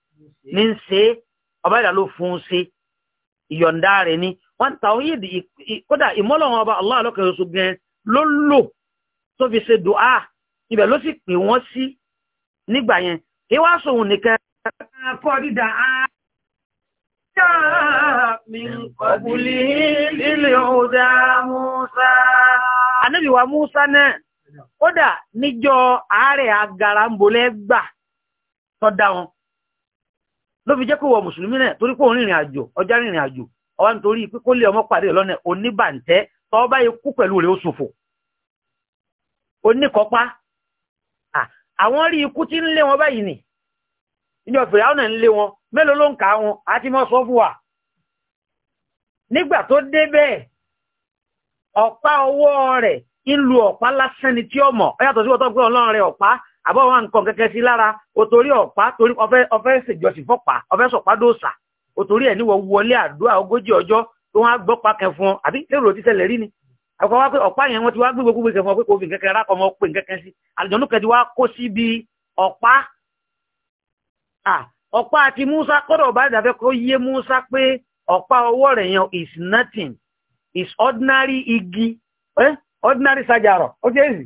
ní ń ṣe ọba ìdá ló fún un ṣe ìyọ̀ǹda rẹ̀ ni wọ́n tawhid kódà ìmọ́lọ̀wọ́n ọba Allah lọ́kẹ̀ oṣù gan ló lò tó fi ṣe dùá ibẹ̀ ló sì pè wọ́n sí nígbà yẹn kí wá sóhun nìkan. kọ́dídà á yá mi kọ̀bùlì lílẹ̀ ọ̀dà Musa. Ànábì wa Musa náà kódà níjọ́ àárẹ̀ agarambolẹ́gbà tọ́ da wọn. ló fi jẹ́ kó wọ mùsùlùmí náà torí pé òun rìnrìn àjò ọjà rìnrìn àjò ọwá nítorí pé kó lé ọmọ pàdé lọ́nà oníbàǹtẹ́ tọ́ bá ikú pẹ̀lú rẹ̀ ó ṣòfò oníkọ́pá àwọn rí ikú tí ń lé wọn báyìí nì ìjọ fèrè àwọn ń lé wọn mélòó ló ń kà wọn àti mọ́ sọ fún wa nígbà tó dé bẹ́ẹ̀ ọ̀pá ọwọ́ rẹ̀ ọ pé ọlọ́run rẹ̀ àbọ̀ wọn nǹkan kẹ́kẹ́ sí lára o torí ọ̀pá torí ọfẹ́ ṣèjọsìn fọ́pá ọfẹ́ sọ̀pá dòòsà o torí ẹ̀ níwọ̀ wọlé àdúrà ogójì ọjọ́ tó wọ́n á gbọ́ pa kẹ fún ọ àbí lérò ti ṣẹlẹ̀ rí ni àkọ́ wá pé ọ̀pá yẹn wọ́n ti wá gbígbó gbígbé kẹ fún ọ pé kò fi kẹ́kẹ́ rákọ̀ ọmọ pé kẹ́kẹ́ sí àlùjọ́nù kẹ́ ti wá kó sí bí ọ̀pá ọ̀pá àti Musa kọ́dọ̀ bá dàbẹ́ kó yé Musa pé ọ̀pá ọwọ́ rẹ̀ yẹn is nothing is ordinary igi eh? ordinary sajaro ó jẹ́ èsì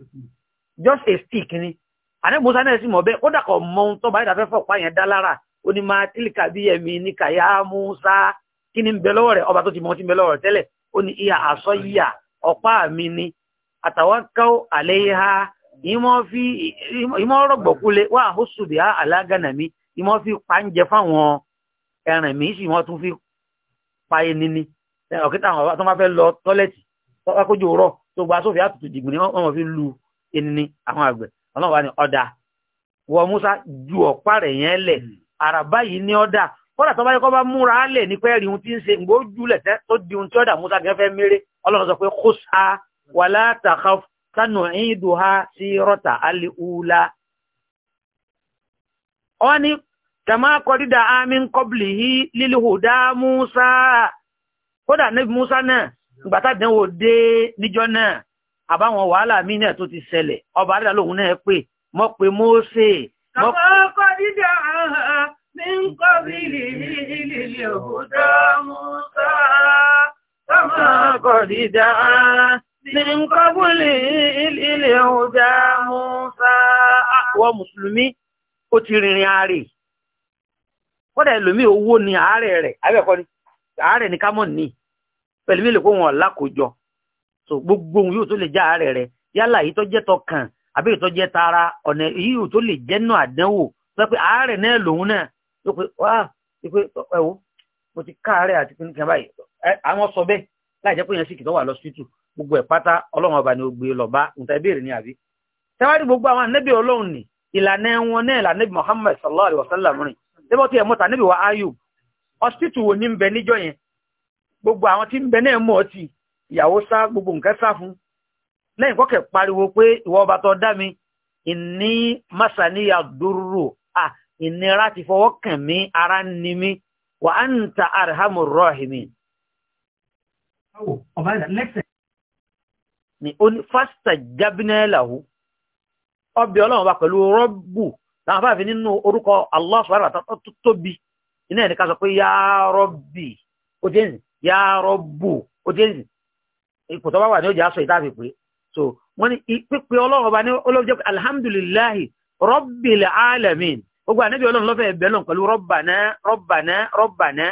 just a stick ni àní musa náà sì mọ̀ bẹ́ẹ̀ ó dàkọ̀ mọ ohun tó bá yìí dáfẹ́ fọ̀pá yẹn dá lára ó ní máa tílíkà bí ẹ̀mí ní kàyà musa kí ni ń bẹ lọ́wọ́ rẹ̀ ọba tó ti mọ ti ń bẹ lọ́wọ́ rẹ̀ tẹ́lẹ̀ ó ní ìyá àsọ yíyà ọ̀pá mi ni àtàwákàó àléhà ìmọ̀ rọ̀gbọ̀kúlé wà ó sùbí alágànà mi ìmọ̀ fi pàǹjẹ fáwọn ẹ̀rìn mi sì wọ́n tún fi pa ẹni ni ọ̀kítà àwọn tó máa fẹ́ lọ tọ́lẹ̀tì tọ́kójú rọ̀ tó gba sófin àtútù jìgbìn ni wọ́n fi lu ẹni ni àwọn àgbẹ̀ ọlọ́run wa ni ọ̀dà wọ musa ju ọ̀pá rẹ̀ yẹn lẹ̀ hmm. àràbá yìí ní ọ̀dà kọ́dà tó bá yẹ kó bá múra lẹ̀ ní pẹ́ rí ohun tí ń ṣe gbó jùlẹ̀ tẹ́ tó di ohun tí ọ̀dà musa gẹ́gẹ́ fẹ́ méré ọlọ́run sọ pé kó sa wàlá takhaf sanu ìdù ha sí rọ́tà alẹ́ ula. wọ́n ní tàmá kọ́dídà amin kọ́bìlì yìí lílihùdá musa kódà níbi musa náà ìgbà tá àbáwọn wàhálà mí náà tó ti ṣẹlẹ̀ ọba àdá lòun náà pè mọ́ pé Mósè. kàmọ́ ọkọ̀ dídá mi ń kọ́ bí lìlì ìlìlì òkúta Mùsá. kàmọ́ ọkọ̀ dídá mi ń kọ́ bí lìlì òkúta Mùsá. àwọn mùsùlùmí ó ti rìnrìn àárẹ̀ kódà ẹlòmí owó ni àárẹ̀ rẹ̀ àbẹ̀kọ́ ni àárẹ̀ ni kámọ̀ ní pẹ̀lú mi lè kó wọn lákòójọ so gbogbo ohun yóò tó lè já àárẹ̀ rẹ̀ yálà èyí tó jẹ́ tọkàn àbí èyí tó jẹ́ tara ọ̀nà èyí yóò tó lè jẹ́ náà àdánwò sọ pé àárẹ̀ náà lòun náà ló pe wá pé ẹ̀wọ́ mo ti ká àárẹ̀ àti pinnu kan báyìí àwọn sọ bẹ́ẹ̀ láì jẹ́ pé yẹn sì kìtọ́ wà lọ síìtù gbogbo ẹ̀ pátá ọlọ́run ọba ni ó gbé lọ bá nǹkan ìbéèrè ni àbí tẹ́wárí gbogbo àwọn anábì ọlọ́run ni ìlànà wọn náà ìlànà Muhammad sallallahu alaihi wasallam rìn tẹ́wọ́ tí ẹ̀ mọ́ta anábì wa Ayub hospital wo ní ń bẹ níjọ́ yẹn ìyàwó sá gbogbo nǹkan sá fún lẹ́yìn kọ́kẹ̀ pariwo pé ìwọ ọba tó dá mi ìní masaniya dúró à ìnira ti fọwọ́ kàn mí ara ni mí wà á ń ta arhamu rahimi. ni ó ní fásità jábínẹ́láhù ọbẹ̀ ọlọ́run wa pẹ̀lú rọ́bù láwọn nínú orúkọ Allah subhanahu wa ta'ala tó tóbi iná ẹ̀ ká sọ pé yá ó ó ipò tó bá wà ní ọjà aṣọ ìtàfi pé so wọ́n ní pípé ọlọ́run ọba ní olóòjẹ́ alhamdulillahi rabbil alamin gbogbo ànábì ọlọ́run lọ́fẹ̀ẹ́ ẹ̀bẹ̀ lọ́n pẹ̀lú rabbana rabbana rabbana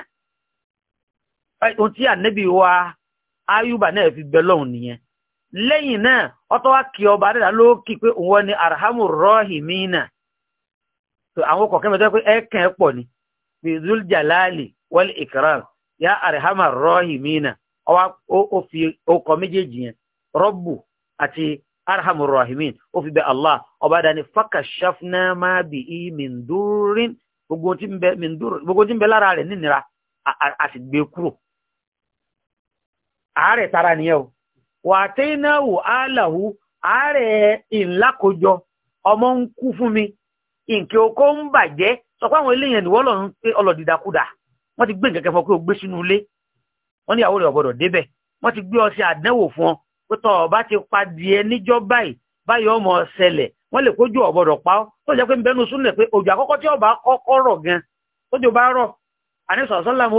ohun tí ànábì wa ayúbà náà fi bẹ lọ́hùn nìyẹn lẹ́yìn náà ọtọ́ wá kí ọba rẹ̀ lókì pé òun ni arhamu rahimina so àwọn kọ̀ọ̀kẹ́ mẹ́ta pé ẹ̀kẹ́ pọ̀ ni bizul jalali wal ikram ya arhamar rahimina ó fi ọkọ méjèèjì yẹn rọ́bù àti arhamur rahimin ó fi bẹ allah ọba dání fakashafna ma bihi min durrin gbogbo tí ń bẹ gbogbo tí ń bẹ lára rẹ̀ nínira a sì gbé kúrò àárẹ̀ tara nìyẹn o wà á tẹ́ iná wò áàlàhù ọmọ ń kú fún mi oko ń wọ́n níyàwó rẹ̀ ọ̀gbọ́dọ̀ débẹ̀ wọ́n ti gbé ọ sí àdánwò fún ọ pé tọ́ ọba ti pa ẹ níjọ́ báyìí báyìí ọmọ ṣẹlẹ̀ wọ́n lè kójú ọ̀gbọ́dọ̀ pa ọ́ tó jẹ́ pé súnlẹ̀ pé òjò àkọ́kọ́ tí ọba kọ́kọ́ rọ̀ gan bá rọ̀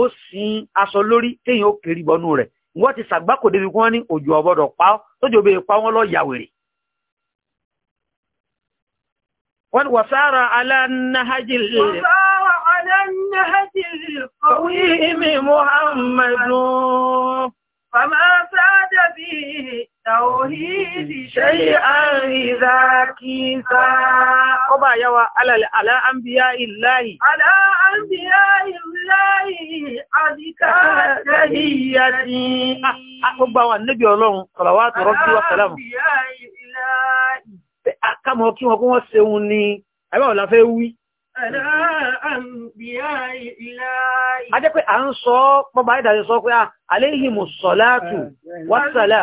ó sin aṣọ lórí téèyàn ó sàgbákò débi wọ́n ní òjò ọ̀gbọ́dọ̀ pa ọ́ قويم محمد فما زاد به توحيد شيئا إذا كيسا أبا يوا على على أنبياء الله على أنبياء الله أذكى تهيتي أبا والنبي الله صلوات ربي وسلامه أكمل كي وكم سوني أبا ولا في وي A jẹ́ pé a ń sọ pọ́bà ìdàrí sọ pé aléhìmù sọ̀látù wàtsàlá.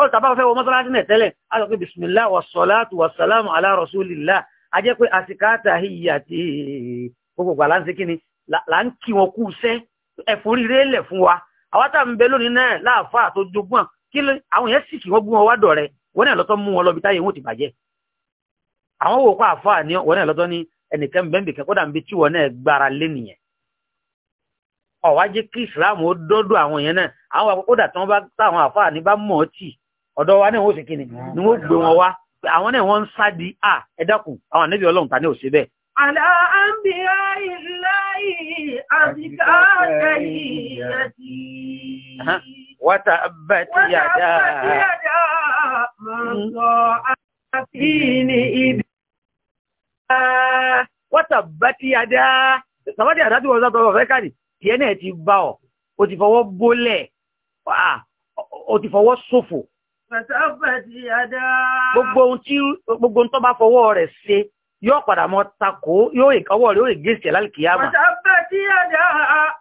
Ó tàbá fẹ́ wọ mọ́sálásí nẹ̀ tẹ́lẹ̀, a sọ pé bismillá wà sọ̀látù wà sàlámù alá rasulillah. A jẹ́ pé a sì káàtà hìyà tí gbogbo àlá ń sí kíni, là ń kí wọn kú sẹ́, ẹ̀fúrí rélẹ̀ fún wa. Àwátà ń bẹ lónìí náà láàfáà tó jogún àwọn yẹn àwọn wò kó àfáà ní wọn náà lọ́tọ́ ní ẹnìkan bẹ́ẹ̀ bìkan kódà ń tí wọn náà gbára lé nìyẹn ọ̀wájú kí ìsìláàmù ó dọ́dọ̀ àwọn yẹn náà àwọn àkókòdà tí bá táwọn àfáà ní bá mọ̀ ọ́ tì wa náà wọ́n sì kíni ni wọ́n gbé wọn wá àwọn náà wọ́n ń sá di à ẹ àwọn ànábì ọlọ́run ta ní òṣè bẹ́ẹ̀. àlà àǹbíyá ìláyì àbíká kẹyì àti. wata bàtí yàda. wata bàtí yàda. mọ̀ sọ àfihàn ibi wọ́tà bá ti adá sàmátì àdá tí wọ́n sá tọrọ ọ̀fẹ́ káàdì tiẹ̀ náà ti bá ọ o ti fọwọ́ bólẹ̀ o ti fọwọ́ ṣòfò. gbogbo ohun tí gbogbo ohun tó bá fọwọ́ rẹ̀ ṣe yóò padà mọ takò yóò ìkọwọ́ rẹ̀ yóò ìgbésẹ̀ lálùkìyàmà. wọ́tà bá ti adá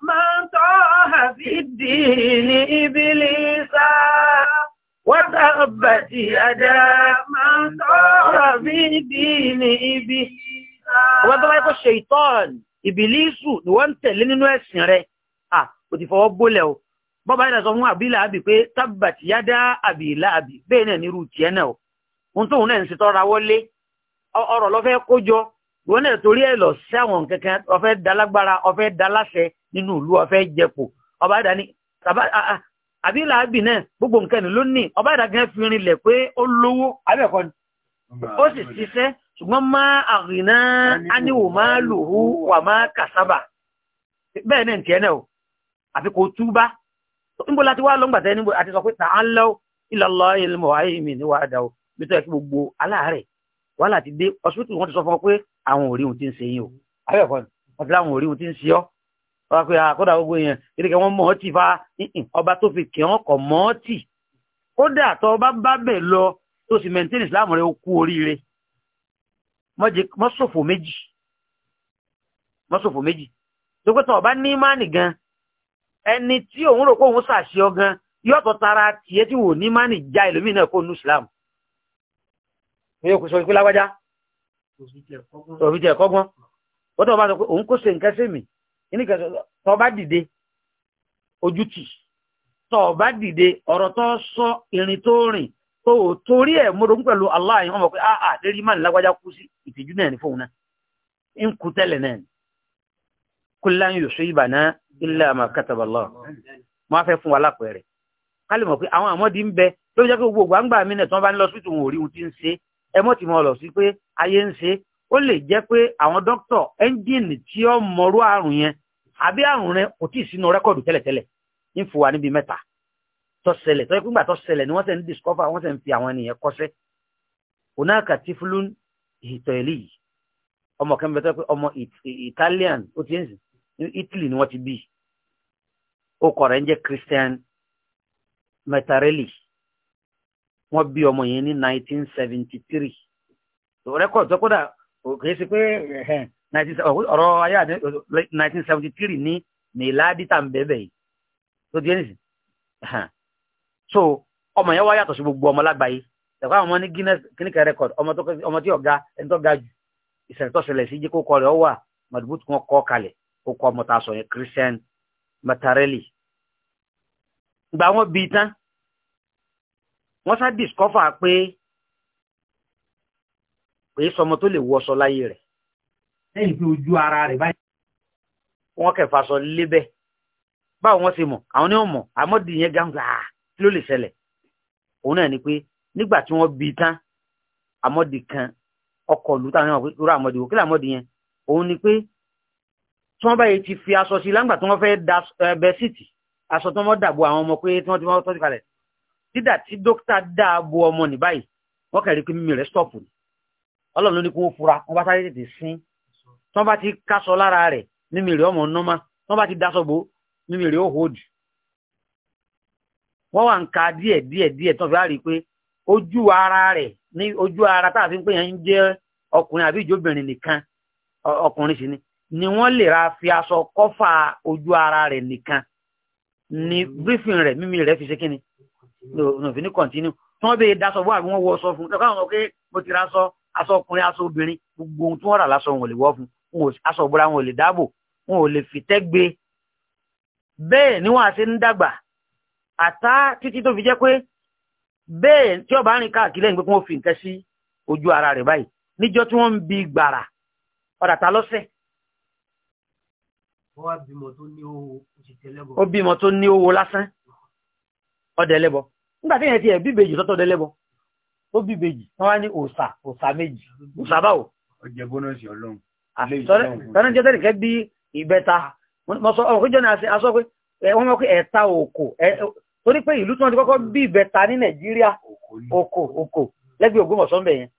máa ń tọ́ àfi dì ní ibi lè sáà. وتبت يدا من صار في دين إبي wọ́n tó bá kó ṣèitán ìbílísù ni wọ́n ń tẹ̀lé nínú ẹ̀sìn rẹ̀ à kò ti fọwọ́ gbólẹ̀ o bọ́bá yìí sọ fún àbílà àbí pé tábàtì yá dá àbílà àbí bẹ́ẹ̀ náà nírú tiẹ̀ náà ohun tóun náà ń ṣe tọ́ra wọlé ọ̀rọ̀ lọ́fẹ́ kójọ ìwọ náà torí ẹ̀ lọ sí àwọn kankan ọ̀fẹ́ dalágbára ọ̀fẹ́ daláṣẹ nínú ìlú ọ̀fẹ́ jẹpò ọba àbí làábì náà gbogbo nǹkan ní ló ọba ìdàgẹ́ fi rinlẹ̀ pé ó lówó abẹ́ẹ̀kọ́ ni ó sì ṣiṣẹ́ ṣùgbọ́n má àrìnà áníwò má lòhú wà má kàsábà bẹ́ẹ̀ náà tiẹ̀ náà o àfi kò túbá níbo láti wá lọ́ngbàtẹ́ níbo àti sọ pé tà á ń lọ́wọ́ ìlàlọ́ ilmọ̀ àìmì níwáàdà o bí tó yẹ kí gbogbo aláàárẹ̀ wà láti dé hospital wọ́n ti sọ fún ọ pé àwọn ò rí ohun tí ń ṣe yín o abẹ́ẹ̀kọ́ ni wọ́n ti láwọn ò rí ohun tí ń ṣe ọ́ ọba pé àkọ́dà gbogbo èèyàn ìdíkẹ́ wọn mọ̀ ọ́ tì fa ọba tó fi kẹ́ ọ́ kọ̀ mọ́ ọ́ tì kódà tó ọba bá bẹ̀ lọ tó sì mẹ́ntẹ́nì islam rẹ̀ ó kú oríire mọ́sòfò méjì mọ́sòfò méjì tó pé tó ọba ní mánì gan ẹni tí òun rò pé òun ṣàṣe ọ gan yọ́tọ̀ tara tiẹ́ tí wò ní mánì já ẹlòmíì náà kó nu islam yóò sọ ìpínlẹ̀ agbájá òfin tẹ̀ kọ́gbọ́n wọ́n tó ọba sọ pé òun kò kíní kan tó bá dìde ojútì tó bá dìde ọ̀rọ̀ tó sọ irin tó rìn tó torí ẹ̀ mọ́dọ̀ pẹ̀lú Allah yìí mọ̀ pé àà ah, ah, lérí máa nílágbájá kú sí ìtìjú náà ní fóun náà ń kú tẹ́lẹ̀ náà ni kullan yusibana illa ma kataba Allah mo fẹ́ fún wa lápẹẹrẹ ká lè mọ̀ pé àwọn àmọ́dí ń bẹ ló jẹ́ pé gbogbo àǹgbà mi nẹ̀ tí wọ́n bá ń lọ sí ìtùwọ̀n òrí ohun tí ń ṣe ẹ mọ́ ti mọ́ lọ sí pé ayé ń ṣe ó lè jẹ́ pé àwọn dókítọ̀ ẹ́ńjìnì tí ó mọrú àrùn yẹn àbí àrùn rẹ kò tí ì sínú rẹ́kọ̀dù tẹ́lẹ̀tẹ́lẹ̀ ń fò tọ níbi mẹ́ta tó ṣẹlẹ̀ tó yẹ kó gbà tó ni wọ́n ṣe fi àwọn ènìyàn yìí ọmọ Italian ó ti ń sìn Italy ni kristian ti bí ó ń Christian bí ọmọ yẹn ní ọ̀rọ̀ ayé àdé 1973 ní mìládítà ń bẹ̀bẹ̀ yìí tó di ẹnìsì so ọmọ yẹn wá yàtọ̀ sí gbogbo ọmọ lágbàáyé ẹ̀kọ́ àwọn ọmọ ní Guinness clinical record ọmọ tí ọ̀gá ẹni tó ga jù ìṣẹ̀lẹ̀ tó ṣẹlẹ̀ sí jẹ́ kó kọ rẹ̀ ó wà madubut kan kọ́ kalẹ̀ ó kọ́ ọmọ tá a sọ yẹn Christian Mattarelli ìgbà wọn bí tán wọn sá discover pé pé sọmọ tó lè wọ ọsọ láyé rẹ̀ lẹ́yìn pé ojú ara rẹ̀ báyìí. wọ́n kẹfà sọ lébẹ̀ báwo wọ́n ṣe mọ̀ àwọn ní ọmọ àmọ́dì yẹn gángá ah, kí ló lè ṣẹlẹ̀ òun náà ni pé nígbà tí wọ́n bí tán àmọ́dì kan ọkọ̀ ìlú táwọn èèyàn rú àmọ́dì wò kí làmọ́dì yẹn òun ni pé tí wọ́n báyìí ti fi aṣọ sí láǹgbà tí wọ́n fẹ́ da eh, bẹ́sìtì aṣọ tí wọ́n dàbò àwọn ọmọ pé tí wọ́n ti wọ́n tọ́jú kalẹ̀ dídà tí dókítà dáàbò ọmọ ní báyìí wọ́n kẹ̀rí pé mímì rẹ̀ stọ̀pù ni ló ní kó fura wọ́n bá sáré tètè sín tí bá ti kásọ lára rẹ̀ mímì rẹ̀ ọmọ nọ́mà tí bá ti dásọ bò mímì rẹ̀ ó hòdù wọ́n wà ń ka díẹ̀ díẹ̀ díẹ̀ tán fi á rí i pé ojú ara rẹ̀ ní ojú ara tá a fi ń pè yẹn ń jẹ́ ọkùnrin àbí ìjóbìnrin nìkan ọkùnrin sì ni ni wọ́n lè ra fi aṣọ kọ́fà ojú ara rẹ̀ nìkan ni briefing rẹ̀ mímì rẹ̀ fi ṣe kí ni no fi ní continue tí wọ́n bẹ daṣọ bó àbí wọ́n wọ aṣọ fún un káwọn ọkẹ́ mo ti ra aṣọ aṣọ ọkùnrin aṣọ obìnrin gbogbo ohun tí wọ́n rà lásọ wọn lè wọ́ fún aṣọ ìbora wọn ò lè dáàbò wọn ò lè fìtẹ́ gbé bẹ́ẹ̀ ni wọ́n á ṣe ń dàgbà àtá títí tó fi jẹ́ pé bẹ́ẹ̀ tí ọba rìn káàkiri lẹ́yìn pé kí wọ́n fi nǹkan sí ojú ara rẹ̀ báyìí níjọ́ tí wọ́n ń bi gbàrà ọ̀dà ta lọ́sẹ̀. ó bímọ tó ní owó lásán ọdẹ lẹ́bọ nígbà tí yẹn ti ẹ̀ bí ìbejì tọ́tọ́ ọdẹ lẹ́bọ ó bí ìbejì wá ní òòṣà òòṣà méjì òòṣà báwo. ọjẹ bónọ́ọ̀sì ọlọ́run tọ́nà ah, jẹ́ tẹ́lẹ̀ kẹ́ bí ìbẹta ọkùnjọ́nà aṣọ pé wọ́n mọ́ pé ẹ̀ta òkò torí pé ìlú tí wọ́n ti kọ́kọ́ bí ìbẹta ní Nàìjíríà òkò òkò lẹ́gbẹ̀ẹ́ Ògbómọ̀ṣọ́ mbẹ̀ yẹn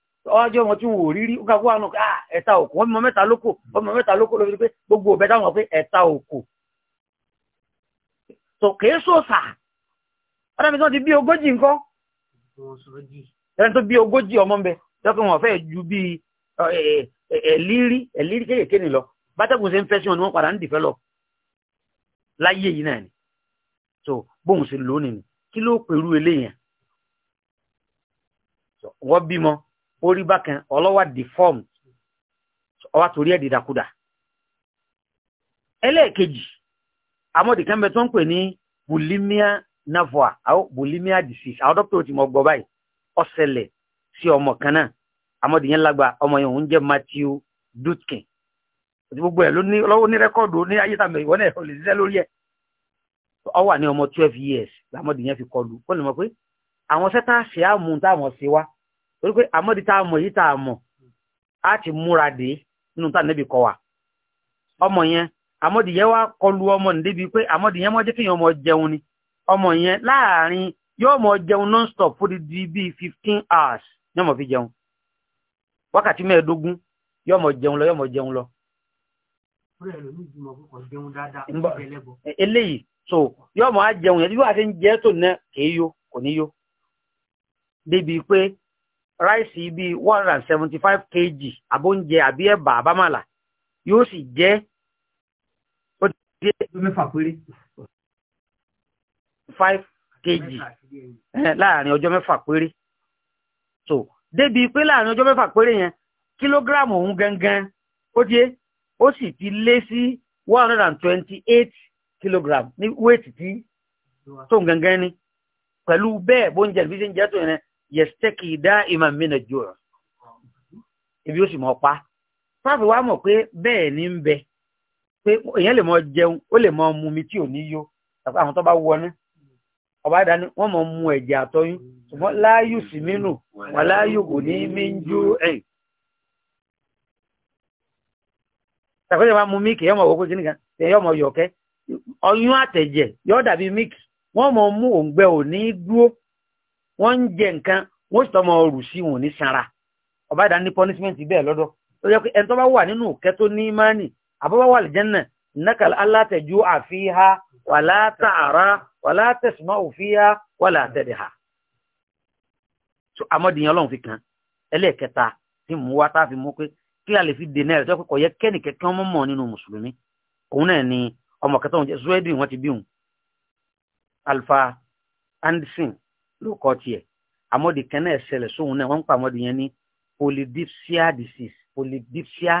ọjọ́ wọn tí wọ́n ò rírí ọkọ̀ àwọn ọ̀nà ẹ̀ta òkò wọ́n mọ mẹ́ta lóko wọ́n mọ mẹ́ta lóko lóbi pé gbogbo ìbẹta wọn pé ẹ̀ta òkò tó kèé sòsà ọ̀dà mi tí wọ́n ti bí ogójì nǹkan ẹni tó bí ogójì ọmọ mbẹ lọ́kùnrin wọn fẹ́ ju ẹ̀lírí ẹ̀lírí kéèkéé nìlọ bátẹ́gùn ṣe ń fẹ́ sí wọn ni wọ́n padà ń develop láyé yìí náà ni so bóun ṣe lónìí ni kí ló pẹ̀lú eléyẹn wọ́n bímọ orí bákan ọlọ́wà deformed ọwá torí ẹ̀ dìdàkudà ẹlẹ́ẹ̀kejì amọ́dìkẹ́mbẹ tó ń pè ní bulimia navoa àwọn bulimia disease àwọn dókítà ò ti mọ̀ gbọ́ báyìí ó sí ọmọ kan náà amọ̀dìyẹn lágbà ọmọ yẹn òun jẹ́ Matthew Dutkin àti gbogbo ẹ̀ lọ́wọ́ ní rẹ́kọ́ọ̀dù ní ayé tàbí ìwọ́n náà lè ṣiṣẹ́ lórí ẹ̀ ọ wà ọmọ twelve years làmọ́dìyẹn fi kọlu kó lè mọ̀ pé àwọn sẹ́tà ṣe á mú táwọn ṣe wá torí pé àmọ́dì tá a mọ̀ yìí tá a mọ̀ á ti múra dé nínú tá níbi kọ wa ọmọ yẹn àmọ́dìyẹn wá kọlu ọmọ ní débi pé àmọ́dìyẹn mọ́ jẹ́ kéèyàn ọmọ jẹun ni ọmọ yẹn láàárín yóò mọ jẹun non-stop fódìdí bíi fifteen hours ní ọmọ fi jẹun wákàtí mẹ́ẹ̀ẹ́dógún yóò mọ̀ jẹun lọ yóò mọ̀ jẹun lọ. E, eléyìí so yóò mọ̀ á jẹun yẹn bí wàá ti ń jẹ́ tò náà kìí yó kò ní yó. débi pé ráìsì bíi one hundred and seventy five kg abóúnjẹ àbí ẹ̀bà àbámàlà yóò sì jẹ́ ó ti di mẹ́fà péré five kg láàrin ọjọ́ mẹ́fà péré so débi pé láàrin ọjọ́ mẹ́fà péré yẹn kílógíráàmù òun gangan ó tiẹ̀ ó sì ti lé sí one hundred and twenty eight kilogram ní wéètì tí tóun gangan ni pẹ̀lú bẹ́ẹ̀ bó ń jẹ ìbí ṣe ń jẹ́ tó yẹn yẹ̀stẹ́kì dá ìmọ̀ mi nà jù ọ́ ibi ó sì mọ̀ pa fáfi wá mọ̀ pé bẹ́ẹ̀ ni ń bẹ pé èèyàn lè mọ jẹun ó lè mọ mumi tí ò ní yó àwọn tó bá wọ ní ọba ni wọ́n mọ̀ mú ẹ̀jẹ̀ àtọyún ṣùgbọ́n láàyù sí mínú wà láàyù kò ní mí ń jú ẹ̀yìn. ṣàkóso máa mu míìkì yọmọ òwò kíníkan tẹ̀yìn yọmọ yọ̀kẹ́ ọyún àtẹ̀jẹ̀ yọ dàbí míìkì wọ́n mọ̀ mú òǹgbẹ òní dúró ń jẹ nǹkan sì tọmọ ọrù wọn ní sanra ní ó yẹ kó ẹni tó bá wà nínú tó ní àbọ̀bá wà wàlá tààrà wàlá tẹ̀sùmọ́ òfíà wàlá tẹ̀dẹ̀hà. àmọ́dìyàn ọlọ́run fi kàn ẹlẹ́ẹ̀kẹta tí mú wá tá a fi mú pé kí a lè fi dènà ẹ̀rọ tó pé kò yẹ kẹ́nìkẹ́kẹ́ ọmọ mọ̀ nínú mùsùlùmí òun náà ni ọmọ kẹta òun jẹ́ zuwẹ́dì wọn ti bí òun alfa anderson ló kọ́ tiẹ̀ àmọ́dì kan náà ṣẹlẹ̀ sóhun náà wọ́n ń pa àmọ́dì yẹn ní polydipsia disease polydipsia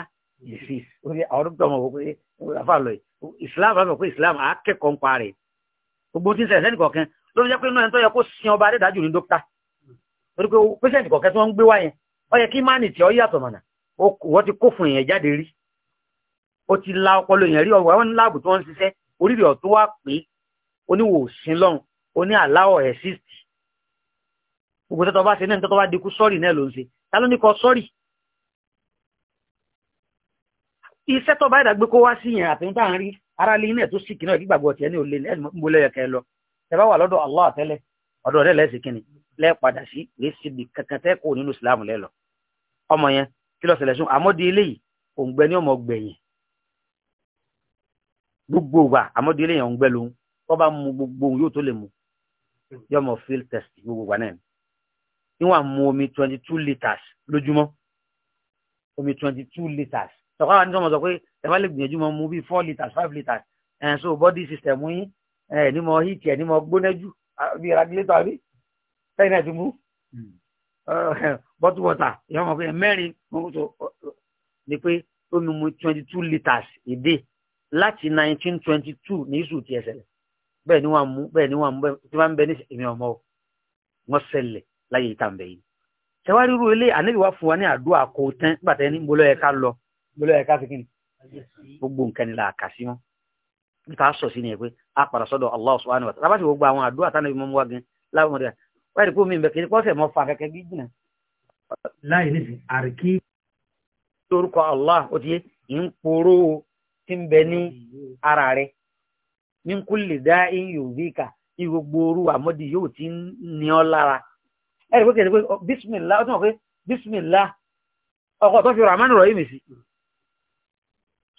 àfa lọ yìí islam àfa pé islam akẹ́kọ̀ọ́ ń parẹ́ gbogbo tí ń sẹ̀sẹ̀ nìkọ̀ọ̀kan ló fi jẹ́ pé inú ẹni tó yẹ kó sin ọba adédájú ní dókítà torí pé pẹ́sẹ̀ntì kọ̀ọ̀kan tí wọ́n ń gbé wá yẹn ó yẹ kí mánì tí ó yàtọ̀ mọ̀nà wọ́n ti kó fún èèyàn jáde rí ó ti la ọpọlọ èèyàn rí ọwọ́ àwọn láàbù tí wọ́n ń ṣiṣẹ́ oríire ọ̀tún wá pé oníwò sin lọ́run oní àláwọ̀ ẹ̀sìsì gbogbo tọ́tọ́ bá ṣe náà tọ́tọ́ bá dikú sọ́ọ̀rì náà ló ń ṣe ta ló ní kọ sọ́ọ̀rì iṣẹ́ tó bá ìdàgbé kó wá sí yẹn àti nípa àárín ara lé iná tó sìkì náà gbígbàgbọ́ tiẹ̀ ní olè ẹni mo lẹ́yẹ kẹ lọ ẹ bá wà lọ́dọ̀ Allah tẹ́lẹ̀ ọ̀dọ̀ rẹ̀ lẹ́sìn kìnnì lẹ́ẹ̀padà sí lè síbi kankan tẹ́ kó nínú Islam lẹ́ lọ ọmọ yẹn kí lọ ṣẹlẹ̀ sún àmọ́dé eléyìí òǹgbẹ ní ọmọ gbẹ̀yìn gbogbo wa àmọ́dé eléyìí òǹgbẹ lòun tó bá mu gbogbo òun yóò tó lè mu yọmọ field test gbogbo wa náà ni wọ́n á mu omi twenty two litres lójúmọ́ omi twenty two litres sọ̀kọ́ àwọn àníṣọ́ mọ̀ sọ pé ẹ bá lè gbìyànjú mọ́ mú bíi four litres five litres ẹ̀ so body system yín ẹ̀ ní mọ heat ẹ̀ ní mọ gbónájú bíi radiator àbí sẹ́yìn náà ti mú hmm. bottle water ìyá ọmọ pé mẹ́rin mo ń sọ ni pé ó mi mu twenty two litres a day láti nineteen twenty two ní ìṣù tí ẹ ṣẹlẹ̀ bẹ́ẹ̀ ni wọ́n mú bẹ́ẹ̀ ni wọ́n mú bẹ́ẹ̀ tí wọ́n bẹ ní èmi ọmọ wọn ṣẹlẹ̀ láyé ìtàǹbẹ̀ yìí ṣẹwárí irú ilé ànábì wá fún wa ní àdúrà kò tán nígbà ní gbọ́lọ́ ẹ̀ ká lọ lọ́lọ́ ẹ̀ká sí kíni gbogbo nǹkan ni làákà sí mọ́ nípa sọ sí ni pé a padà sọ́dọ̀ Allah subhanahu wa ta'ala lábàtí gbogbo àwọn àdúrà tánà ìmọ̀ wá gan láwọn ọmọdé wáyé rí pé omi ìbẹ̀kẹ́ ní pọ́sẹ̀ mọ́ fa kẹ́kẹ́ gíjìnà. láì ní àríkí. lórúkọ Allah ó ti yé ń poró tí ń bẹ ní ara rẹ ní kulli da'in yudhika ìwò gbooru àmọ́dí yóò ti ní ọ lára. ẹ̀rí pé kẹ́kẹ́ pé bísmìlá ọkọ̀ tó fi rahman rahim sí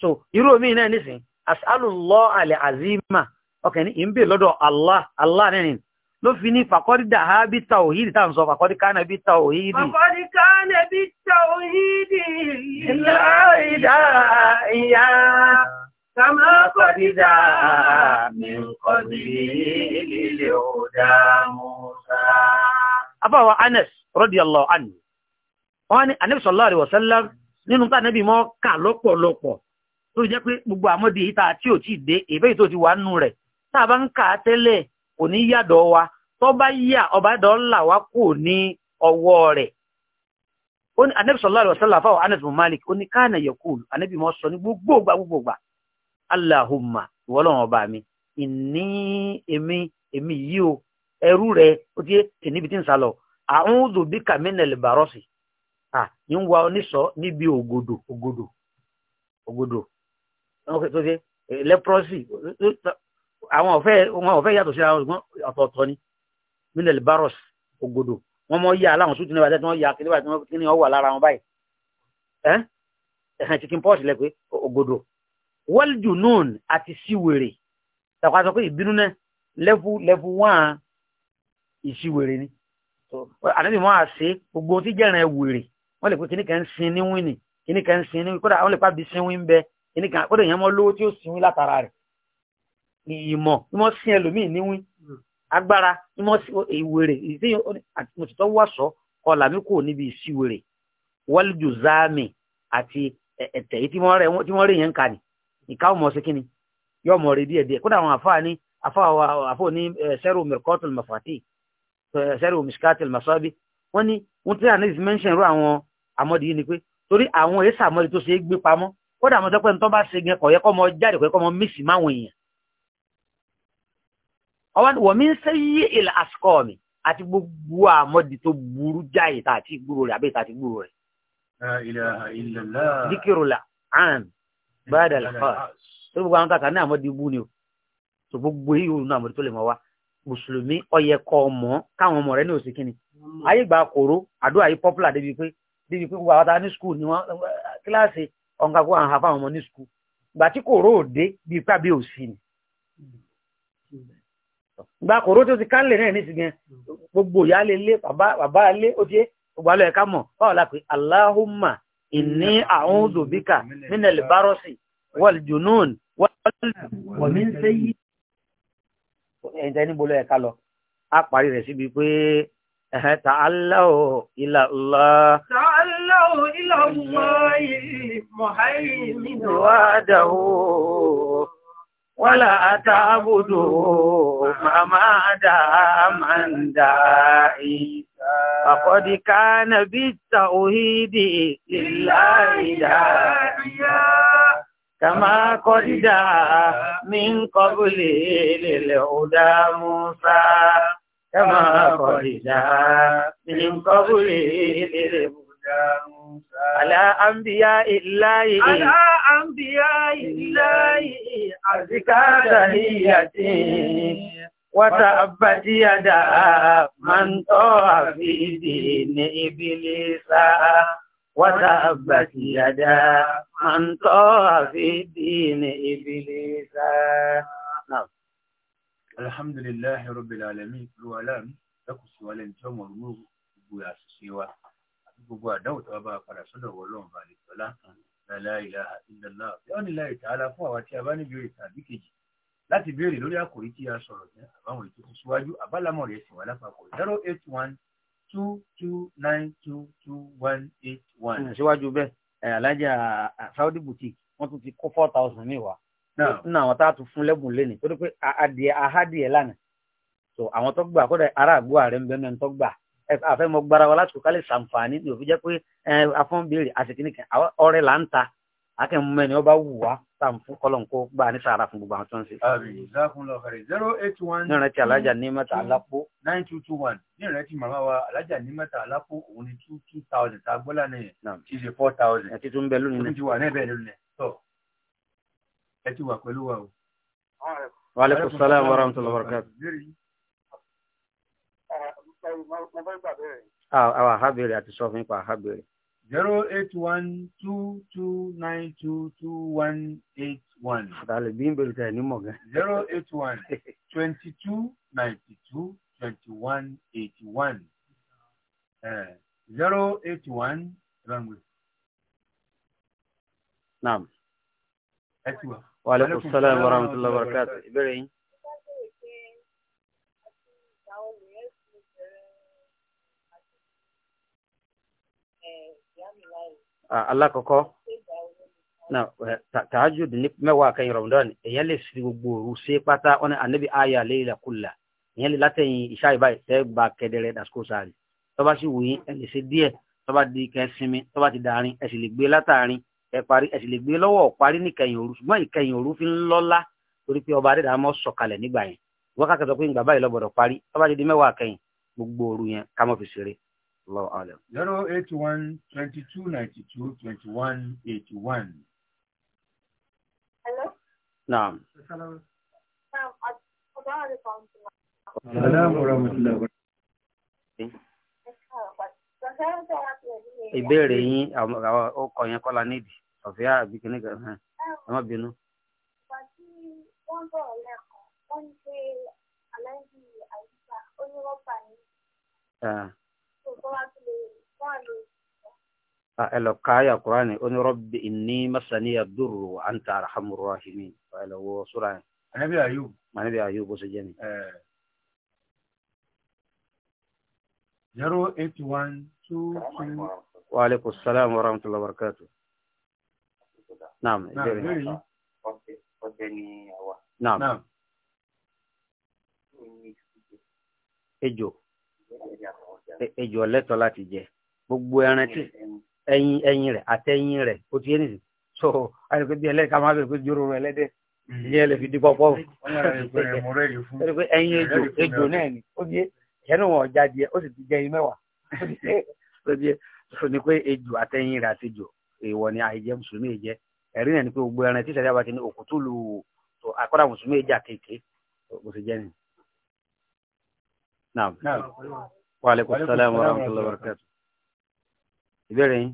so irú omi náà nísìn as'alullah al-azima ọkàn ní ìbè lọ́dọ̀ Allah Allah nẹ́ni ló fi ní fàkọ́dí dàá bí tàòhídì tàà ń sọ fàkọ́dí kánà bí tàòhídì fàkọ́dí kánà bí tàòhídì ìlà ìdá ìyá kàmà kọ́dí dàá mi kọ́dí ilé ọ̀dà Anas radiyallahu wọ́n ní Ànábì sallallahu alaihi wasallam nínú tá Ànábì mọ́ kà lọ́pọ̀lọpọ̀ tó jẹ́ pé gbogbo àmọ́dé yìí tá a tí ò tí ì dé èbẹ́ tó ti wà nù rẹ̀ tá a bá ń kà á tẹ́lẹ̀ kò ní yàdọ̀ wa tó yà ọba dọ̀ wa kò ní ọwọ́ rẹ̀ ó ní anabi sallallahu alaihi wasallam fáwọn anas malik ó ní anabi mọ sọ ní gbogbo gbogbo ọba mi ìní èmi èmi yìí o ẹrú rẹ ó ti níbi tí ń à ń wa oníṣọ́ tó ṣe eh, leprosy àwọn ọ̀fẹ́ wọn ọ̀fẹ́ yàtọ̀ sí àwọn ọ̀tọ̀ọ̀tọ̀ ni mílẹ̀ baros ògòdò wọn mọ yà láwọn sùtù níbàtẹ́ tí wọ́n yà kíníbà tí wọ́n kíní ọwà lára wọn báyìí ẹ́ ẹ̀hàn chicken pox lẹ pé ògòdò wọ́lìjù noon àti síwèrè tàkà sọ pé ìbínú náà lẹ́fù lẹ́fù wọ́n ìsíwèrè ni àdébì wọn àṣe gbogbo tí jẹ́rìn ẹ̀ wèrè wọ́n lè pé kíníkà ń sin níwìn ni kíníkà ń sin níwìn kódà wọ́n lè pàbí sinwìn bẹ́ẹ̀ ẹnìkan àpọ́dọ̀ yẹn mọ́ lówó tí ó sinmi látara rẹ̀ ìmọ̀ ìmọ̀ sí ẹlòmíì níwín hmm. agbára ìmọ̀ sí ìwèrè ìdíyàn àtìmọ̀tìtọ́ wà sọ ọ̀là mi kò níbi ìsíwèrè wọ́lùjù záàmì àti ẹ̀tẹ̀ tí wọ́n rí yẹn ń kà ní ìka ọmọ sí kíni yọ ọmọ rẹ díẹ̀ díẹ̀ kódà àwọn àfáà ní àfáà ní sẹ́rù mẹ́kọ́tìl mafati sẹ́rù mìsíkátìl masabi wọ́n ní wọ́n ti àná ìsìmẹ́ńṣẹ̀ rú àwọn àmọ́dí yìí ni pé torí àwọn èsà àmọ́dí tó ṣe é gbé pamọ́ kódà mo sọ pé nítorí bá ṣe gẹ kọ̀yẹ́ kọ́ mọ jáde kọ̀yẹ́ kọ́ mọ mísì máwọn èèyàn ọwọ́n wọ̀ mí ń ṣe yí ilẹ̀ àsìkò mi àti gbogbo àmọ́dì tó burú jáì tá àti gbúrò rẹ̀ àbí tá àti gbúrò rẹ̀. díkìrò là án báyà dàlà kọ́ tó gbogbo àwọn kàkà ní àmọ́dì bú ni o tó gbogbo èyí òun náà àmọ́dì tó lè mọ̀ wá mùsùlùmí ọyẹ kọ ọmọ káwọn ọmọ rẹ ní òsì kínni ayé gbà kóró àdúrà yìí pọ́pùlà débi pé débi pé gbogbo àwọn tá ní skul ni wọ́n kíláàsì ọ̀nkà kó àhàn fáwọn ọmọ ní skul gbà tí kòró òde bíi pàbí òsì ni gbà kòró tó ti kálẹ̀ náà ní ìsìnkẹ́ gbogbo ìyá lè lé bàbá lé ó ti gbà lọ ẹ̀ka mọ̀ báwo la pé aláhùnmá ìní àwọn òzòbíkà mínẹ̀lì bárọ́sì wọ́ọ̀lì jùnún wọ́ọ̀lì wọ̀mí ń sẹ́yìn. ẹ̀yìn tẹ́ níbo lọ ẹ̀ka lọ á parí rẹ̀ síbi pé ẹ̀hẹ́ ta'allaw ila Allah. ta'allaw ila Allah yìí muhaymin wahdahu wala ta'budu màmá dáàmà ń dá ìsà. faqad kana bit-tawhidi lillahi da'iya. كما قد دعا من قبل للهدى موسى كما قرد من قبل على أنبياء الله على أنبياء الله أزكى تهيتي وتأبت يدا من طوى في دين إبليس وتأبت يدا من طوى في دين إبليس نعم alhamdulilayi rabbil alamin olúwa aláàánú ẹkùn sí wa lẹ́ni tí ọmọ ìlú gbogbo àṣìṣe wa àti gbogbo àdáwò tó bá padà sọ́dọ̀ wọ lọ́run bá lè tọ́lá láláìlá ìlàlá ìyọ́nìlá ìtàlá fún àwa tí a bá níbi ìta àbí kejì láti béèrè lórí àkòrí tí a sọ̀rọ̀ ní àbáwọn ètò síwájú àbálámọ̀ rẹ̀ sì wà lápapọ̀ zero eight one two two nine two two one eight one. síwájú bẹ́ẹ̀ alájà Saudi boutique wọ́n tún ti kó four thousand ní ìwà nínú àwọn tá a tún fún lẹ́bùn lé ní torí pé adìẹ ahádìẹ lánàá so àwọn tó gbà kódà ará àgbo ààrẹ ń bẹ mẹ́rin tó gbà àfẹ́ mọ gbára wa láti kó ká lè ṣàǹfààní ní òfin jẹ́ pé afọ́n béèrè àṣekínní kan ọrẹ là ń ta akẹ́mu mẹ́ni ọba wù wá tà ń fún kọ́lọ̀ nǹkó gbà ní sàrà fún gbogbo àwọn tó ń ṣe. ní ìrántí alájà ní mẹ́ta alápò. nine two two one ní ìrántí màmá wa alájà ní mẹ́ta alápò òun ni two two thousand tá a gbọ́lá nìyẹn. ti ṣe four thousand. ẹ ti tún bẹ lónìí náà. ó ti wà ní ẹ̀bẹ̀ lónìí ẹ ti wà pẹ̀lú wa o. wa aleykum salaam wa rahmatullahi wa barakatuh. àwọn ah, ah, ah, àhábẹ̀rẹ̀ àti sọ fún ipa àhábẹ̀rẹ̀. zero eight one two two nine two two one eight one. àtàlẹ̀ bí n bẹ̀rù tẹ̀ zero [LAUGHS] eight one twenty two ninety two twenty one eighty one. Eh, zero eight one. Naam. Ẹ ti wà wa alaikum salam wa rahmatullahi wa barakatuh ìbéèrè yín. alákọ̀ọ́kọ́ na tahajjud ní mẹ́wàá kẹyìn Ramadan èyàn lè fi gbogbo òru ṣe pátá wọn ni anabi aya leila kula èyàn lè látẹ̀yìn iṣẹ́ ìbáyìí tẹ́ gba kẹdẹrẹ dasco sáré tọ́ba sì wòye ẹ lè ṣe díẹ̀ tọ́ba di kẹsìnmi tọ́ba ti dàárín ẹ sì lè gbé látàárín ẹ parí ẹ sì lè gbé lọ́wọ́ parí níkẹyìn òru ṣùgbọ́n ìkẹyìn òru fi ń lọ́lá torí pé ọba adédàá mọ́ sọ̀kalẹ̀ nígbà yẹn wọ́n kàkẹ́ sọ pé ìgbà báyìí lọ́gbọ̀dọ̀ parí ọba adédè mẹ́wàá kẹyìn gbogbo òru yẹn ká mọ́ fi ṣeré lọ ọ̀lẹ̀. zero eight one twenty two ninety two twenty one eighty one. hello. naam. Salaam wa rahmatullahi wa barakatuh ìbéèrè yín àwọn ọkọ yẹn kọ́ la nídìí sọ̀fíà àbí kìíní kan ẹ má bínú. pàtí wọ́n bọ̀rọ̀ lẹ́kọ̀ọ́ wọ́n ń ṣe aláìsí àyíká onírọ́pà ní. ẹ lọ ka ayà kúránì onírọ́bì ní masaniya dùrù àǹtà arahamuru rahimi ẹ lọ sura yẹn. ànábì ayub. ànábì ayub bó ṣe jẹ́ ni. zero eight one two two wa aleykum salaam wa rahmatullahi wa نعم. naam ìbéèrè náà ọ̀sẹ̀ ni àwa. naam. ejò ejò ọlẹ́tọ̀ láti jẹ gbogbo ẹran tí ẹyin ẹyin rẹ̀ àtẹyin rẹ̀ ó ti yé nìyí so àyẹ̀kọ́ bí ẹlẹ́ka máa bẹ̀rẹ̀ pé jòrò rẹ̀ ẹlẹ́dẹ̀ ìyẹn lè fi di pọ́pọ́ [LAUGHS] ẹyin ejò ejò náà ni ó yé ìyẹn náà wọ́n jáde ó ti jẹ ẹyin mẹ́wàá ó ti sọ ni pé ejò àtẹ̀yìn rẹ̀ ni àìjẹ́ mùsùlùmí ìjẹ́ ẹ̀rí náà pé gbogbo ẹran tí ìṣẹ̀lẹ̀ ti ní òkú tó tó akọ́dà jẹ́ ni. naam wa salaam wa rahmatullahi wa barakatuh. ìbéèrè yín.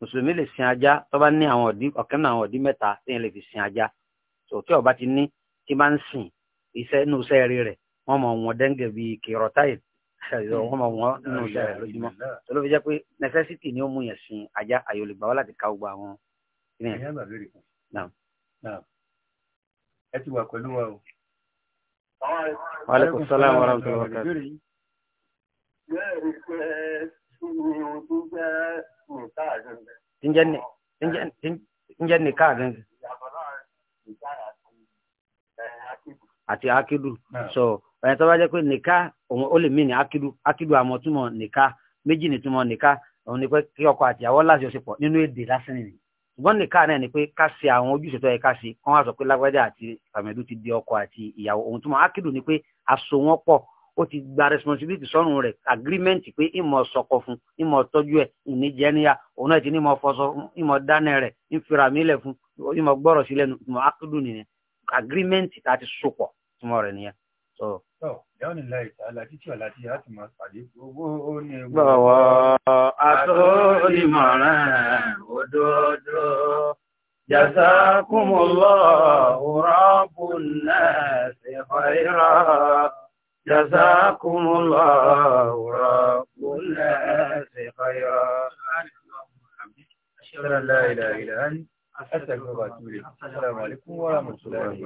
mùsùlùmí lè sin ajá tó bá ní àwọn náà àwọn mẹ́ta lè fi sin ajá tó tí ṣàyẹ̀wò wọn máa wọn nínú ìyá rẹ̀ lójúmọ́ tó ló fi jẹ́ pé necessity ni ó mú yẹn sin ajá àyòlùgbà wá láti ká gbogbo àwọn. ẹ ti wà pẹ̀lú wa o. wa aleykum salaam wa rahmatulah wa barakatuh. Tinjẹ́ ni káàdùn àti akidu so ẹni tó bá jẹ́ pé nìka ó lè mí ní akidu akidu àmọ́ túmọ̀ nìka méjì ní túmọ̀ nìka òun ni pé kí ọkọ àtìyàwó láti ọ̀sẹ̀pọ̀ nínú èdè lásán nìyí ṣùgbọ́n nìka náà ni pé ká ṣe àwọn ojúṣe tó yẹ ká ṣe wọ́n wá sọ pé lágbájá àti tàmẹ̀dù ti di ọkọ àti ìyàwó òun túmọ̀ akidu ni pé aṣọ wọn pọ̀ ó ti gba responsibility sọ́run rẹ̀ agreement pé ìmọ̀ sọ̀kọ̀ fún ìmọ̀ tọ́jú ẹ̀ ìníjẹniya òun náà ti ní ìmọ̀ fọṣọ ìmọ̀ dáná rẹ̀ ìfira fún ìmọ̀ gbọ́rọ̀ sí lẹ́nu ìmọ̀ akidu nìyẹn agreement tá a ti sopọ̀ túmọ̀ rẹ̀ nìyẹn. Gbọ̀wọ́ àtòlímọ̀ràn òdodo, jazakumullahu rabbun nasi khaira, jazakumullahu rabbun nasi khaira. أشهد أن لا إله إلا أنت أستغفر وأتوب إليه السلام عليكم ورحمة الله وبركاته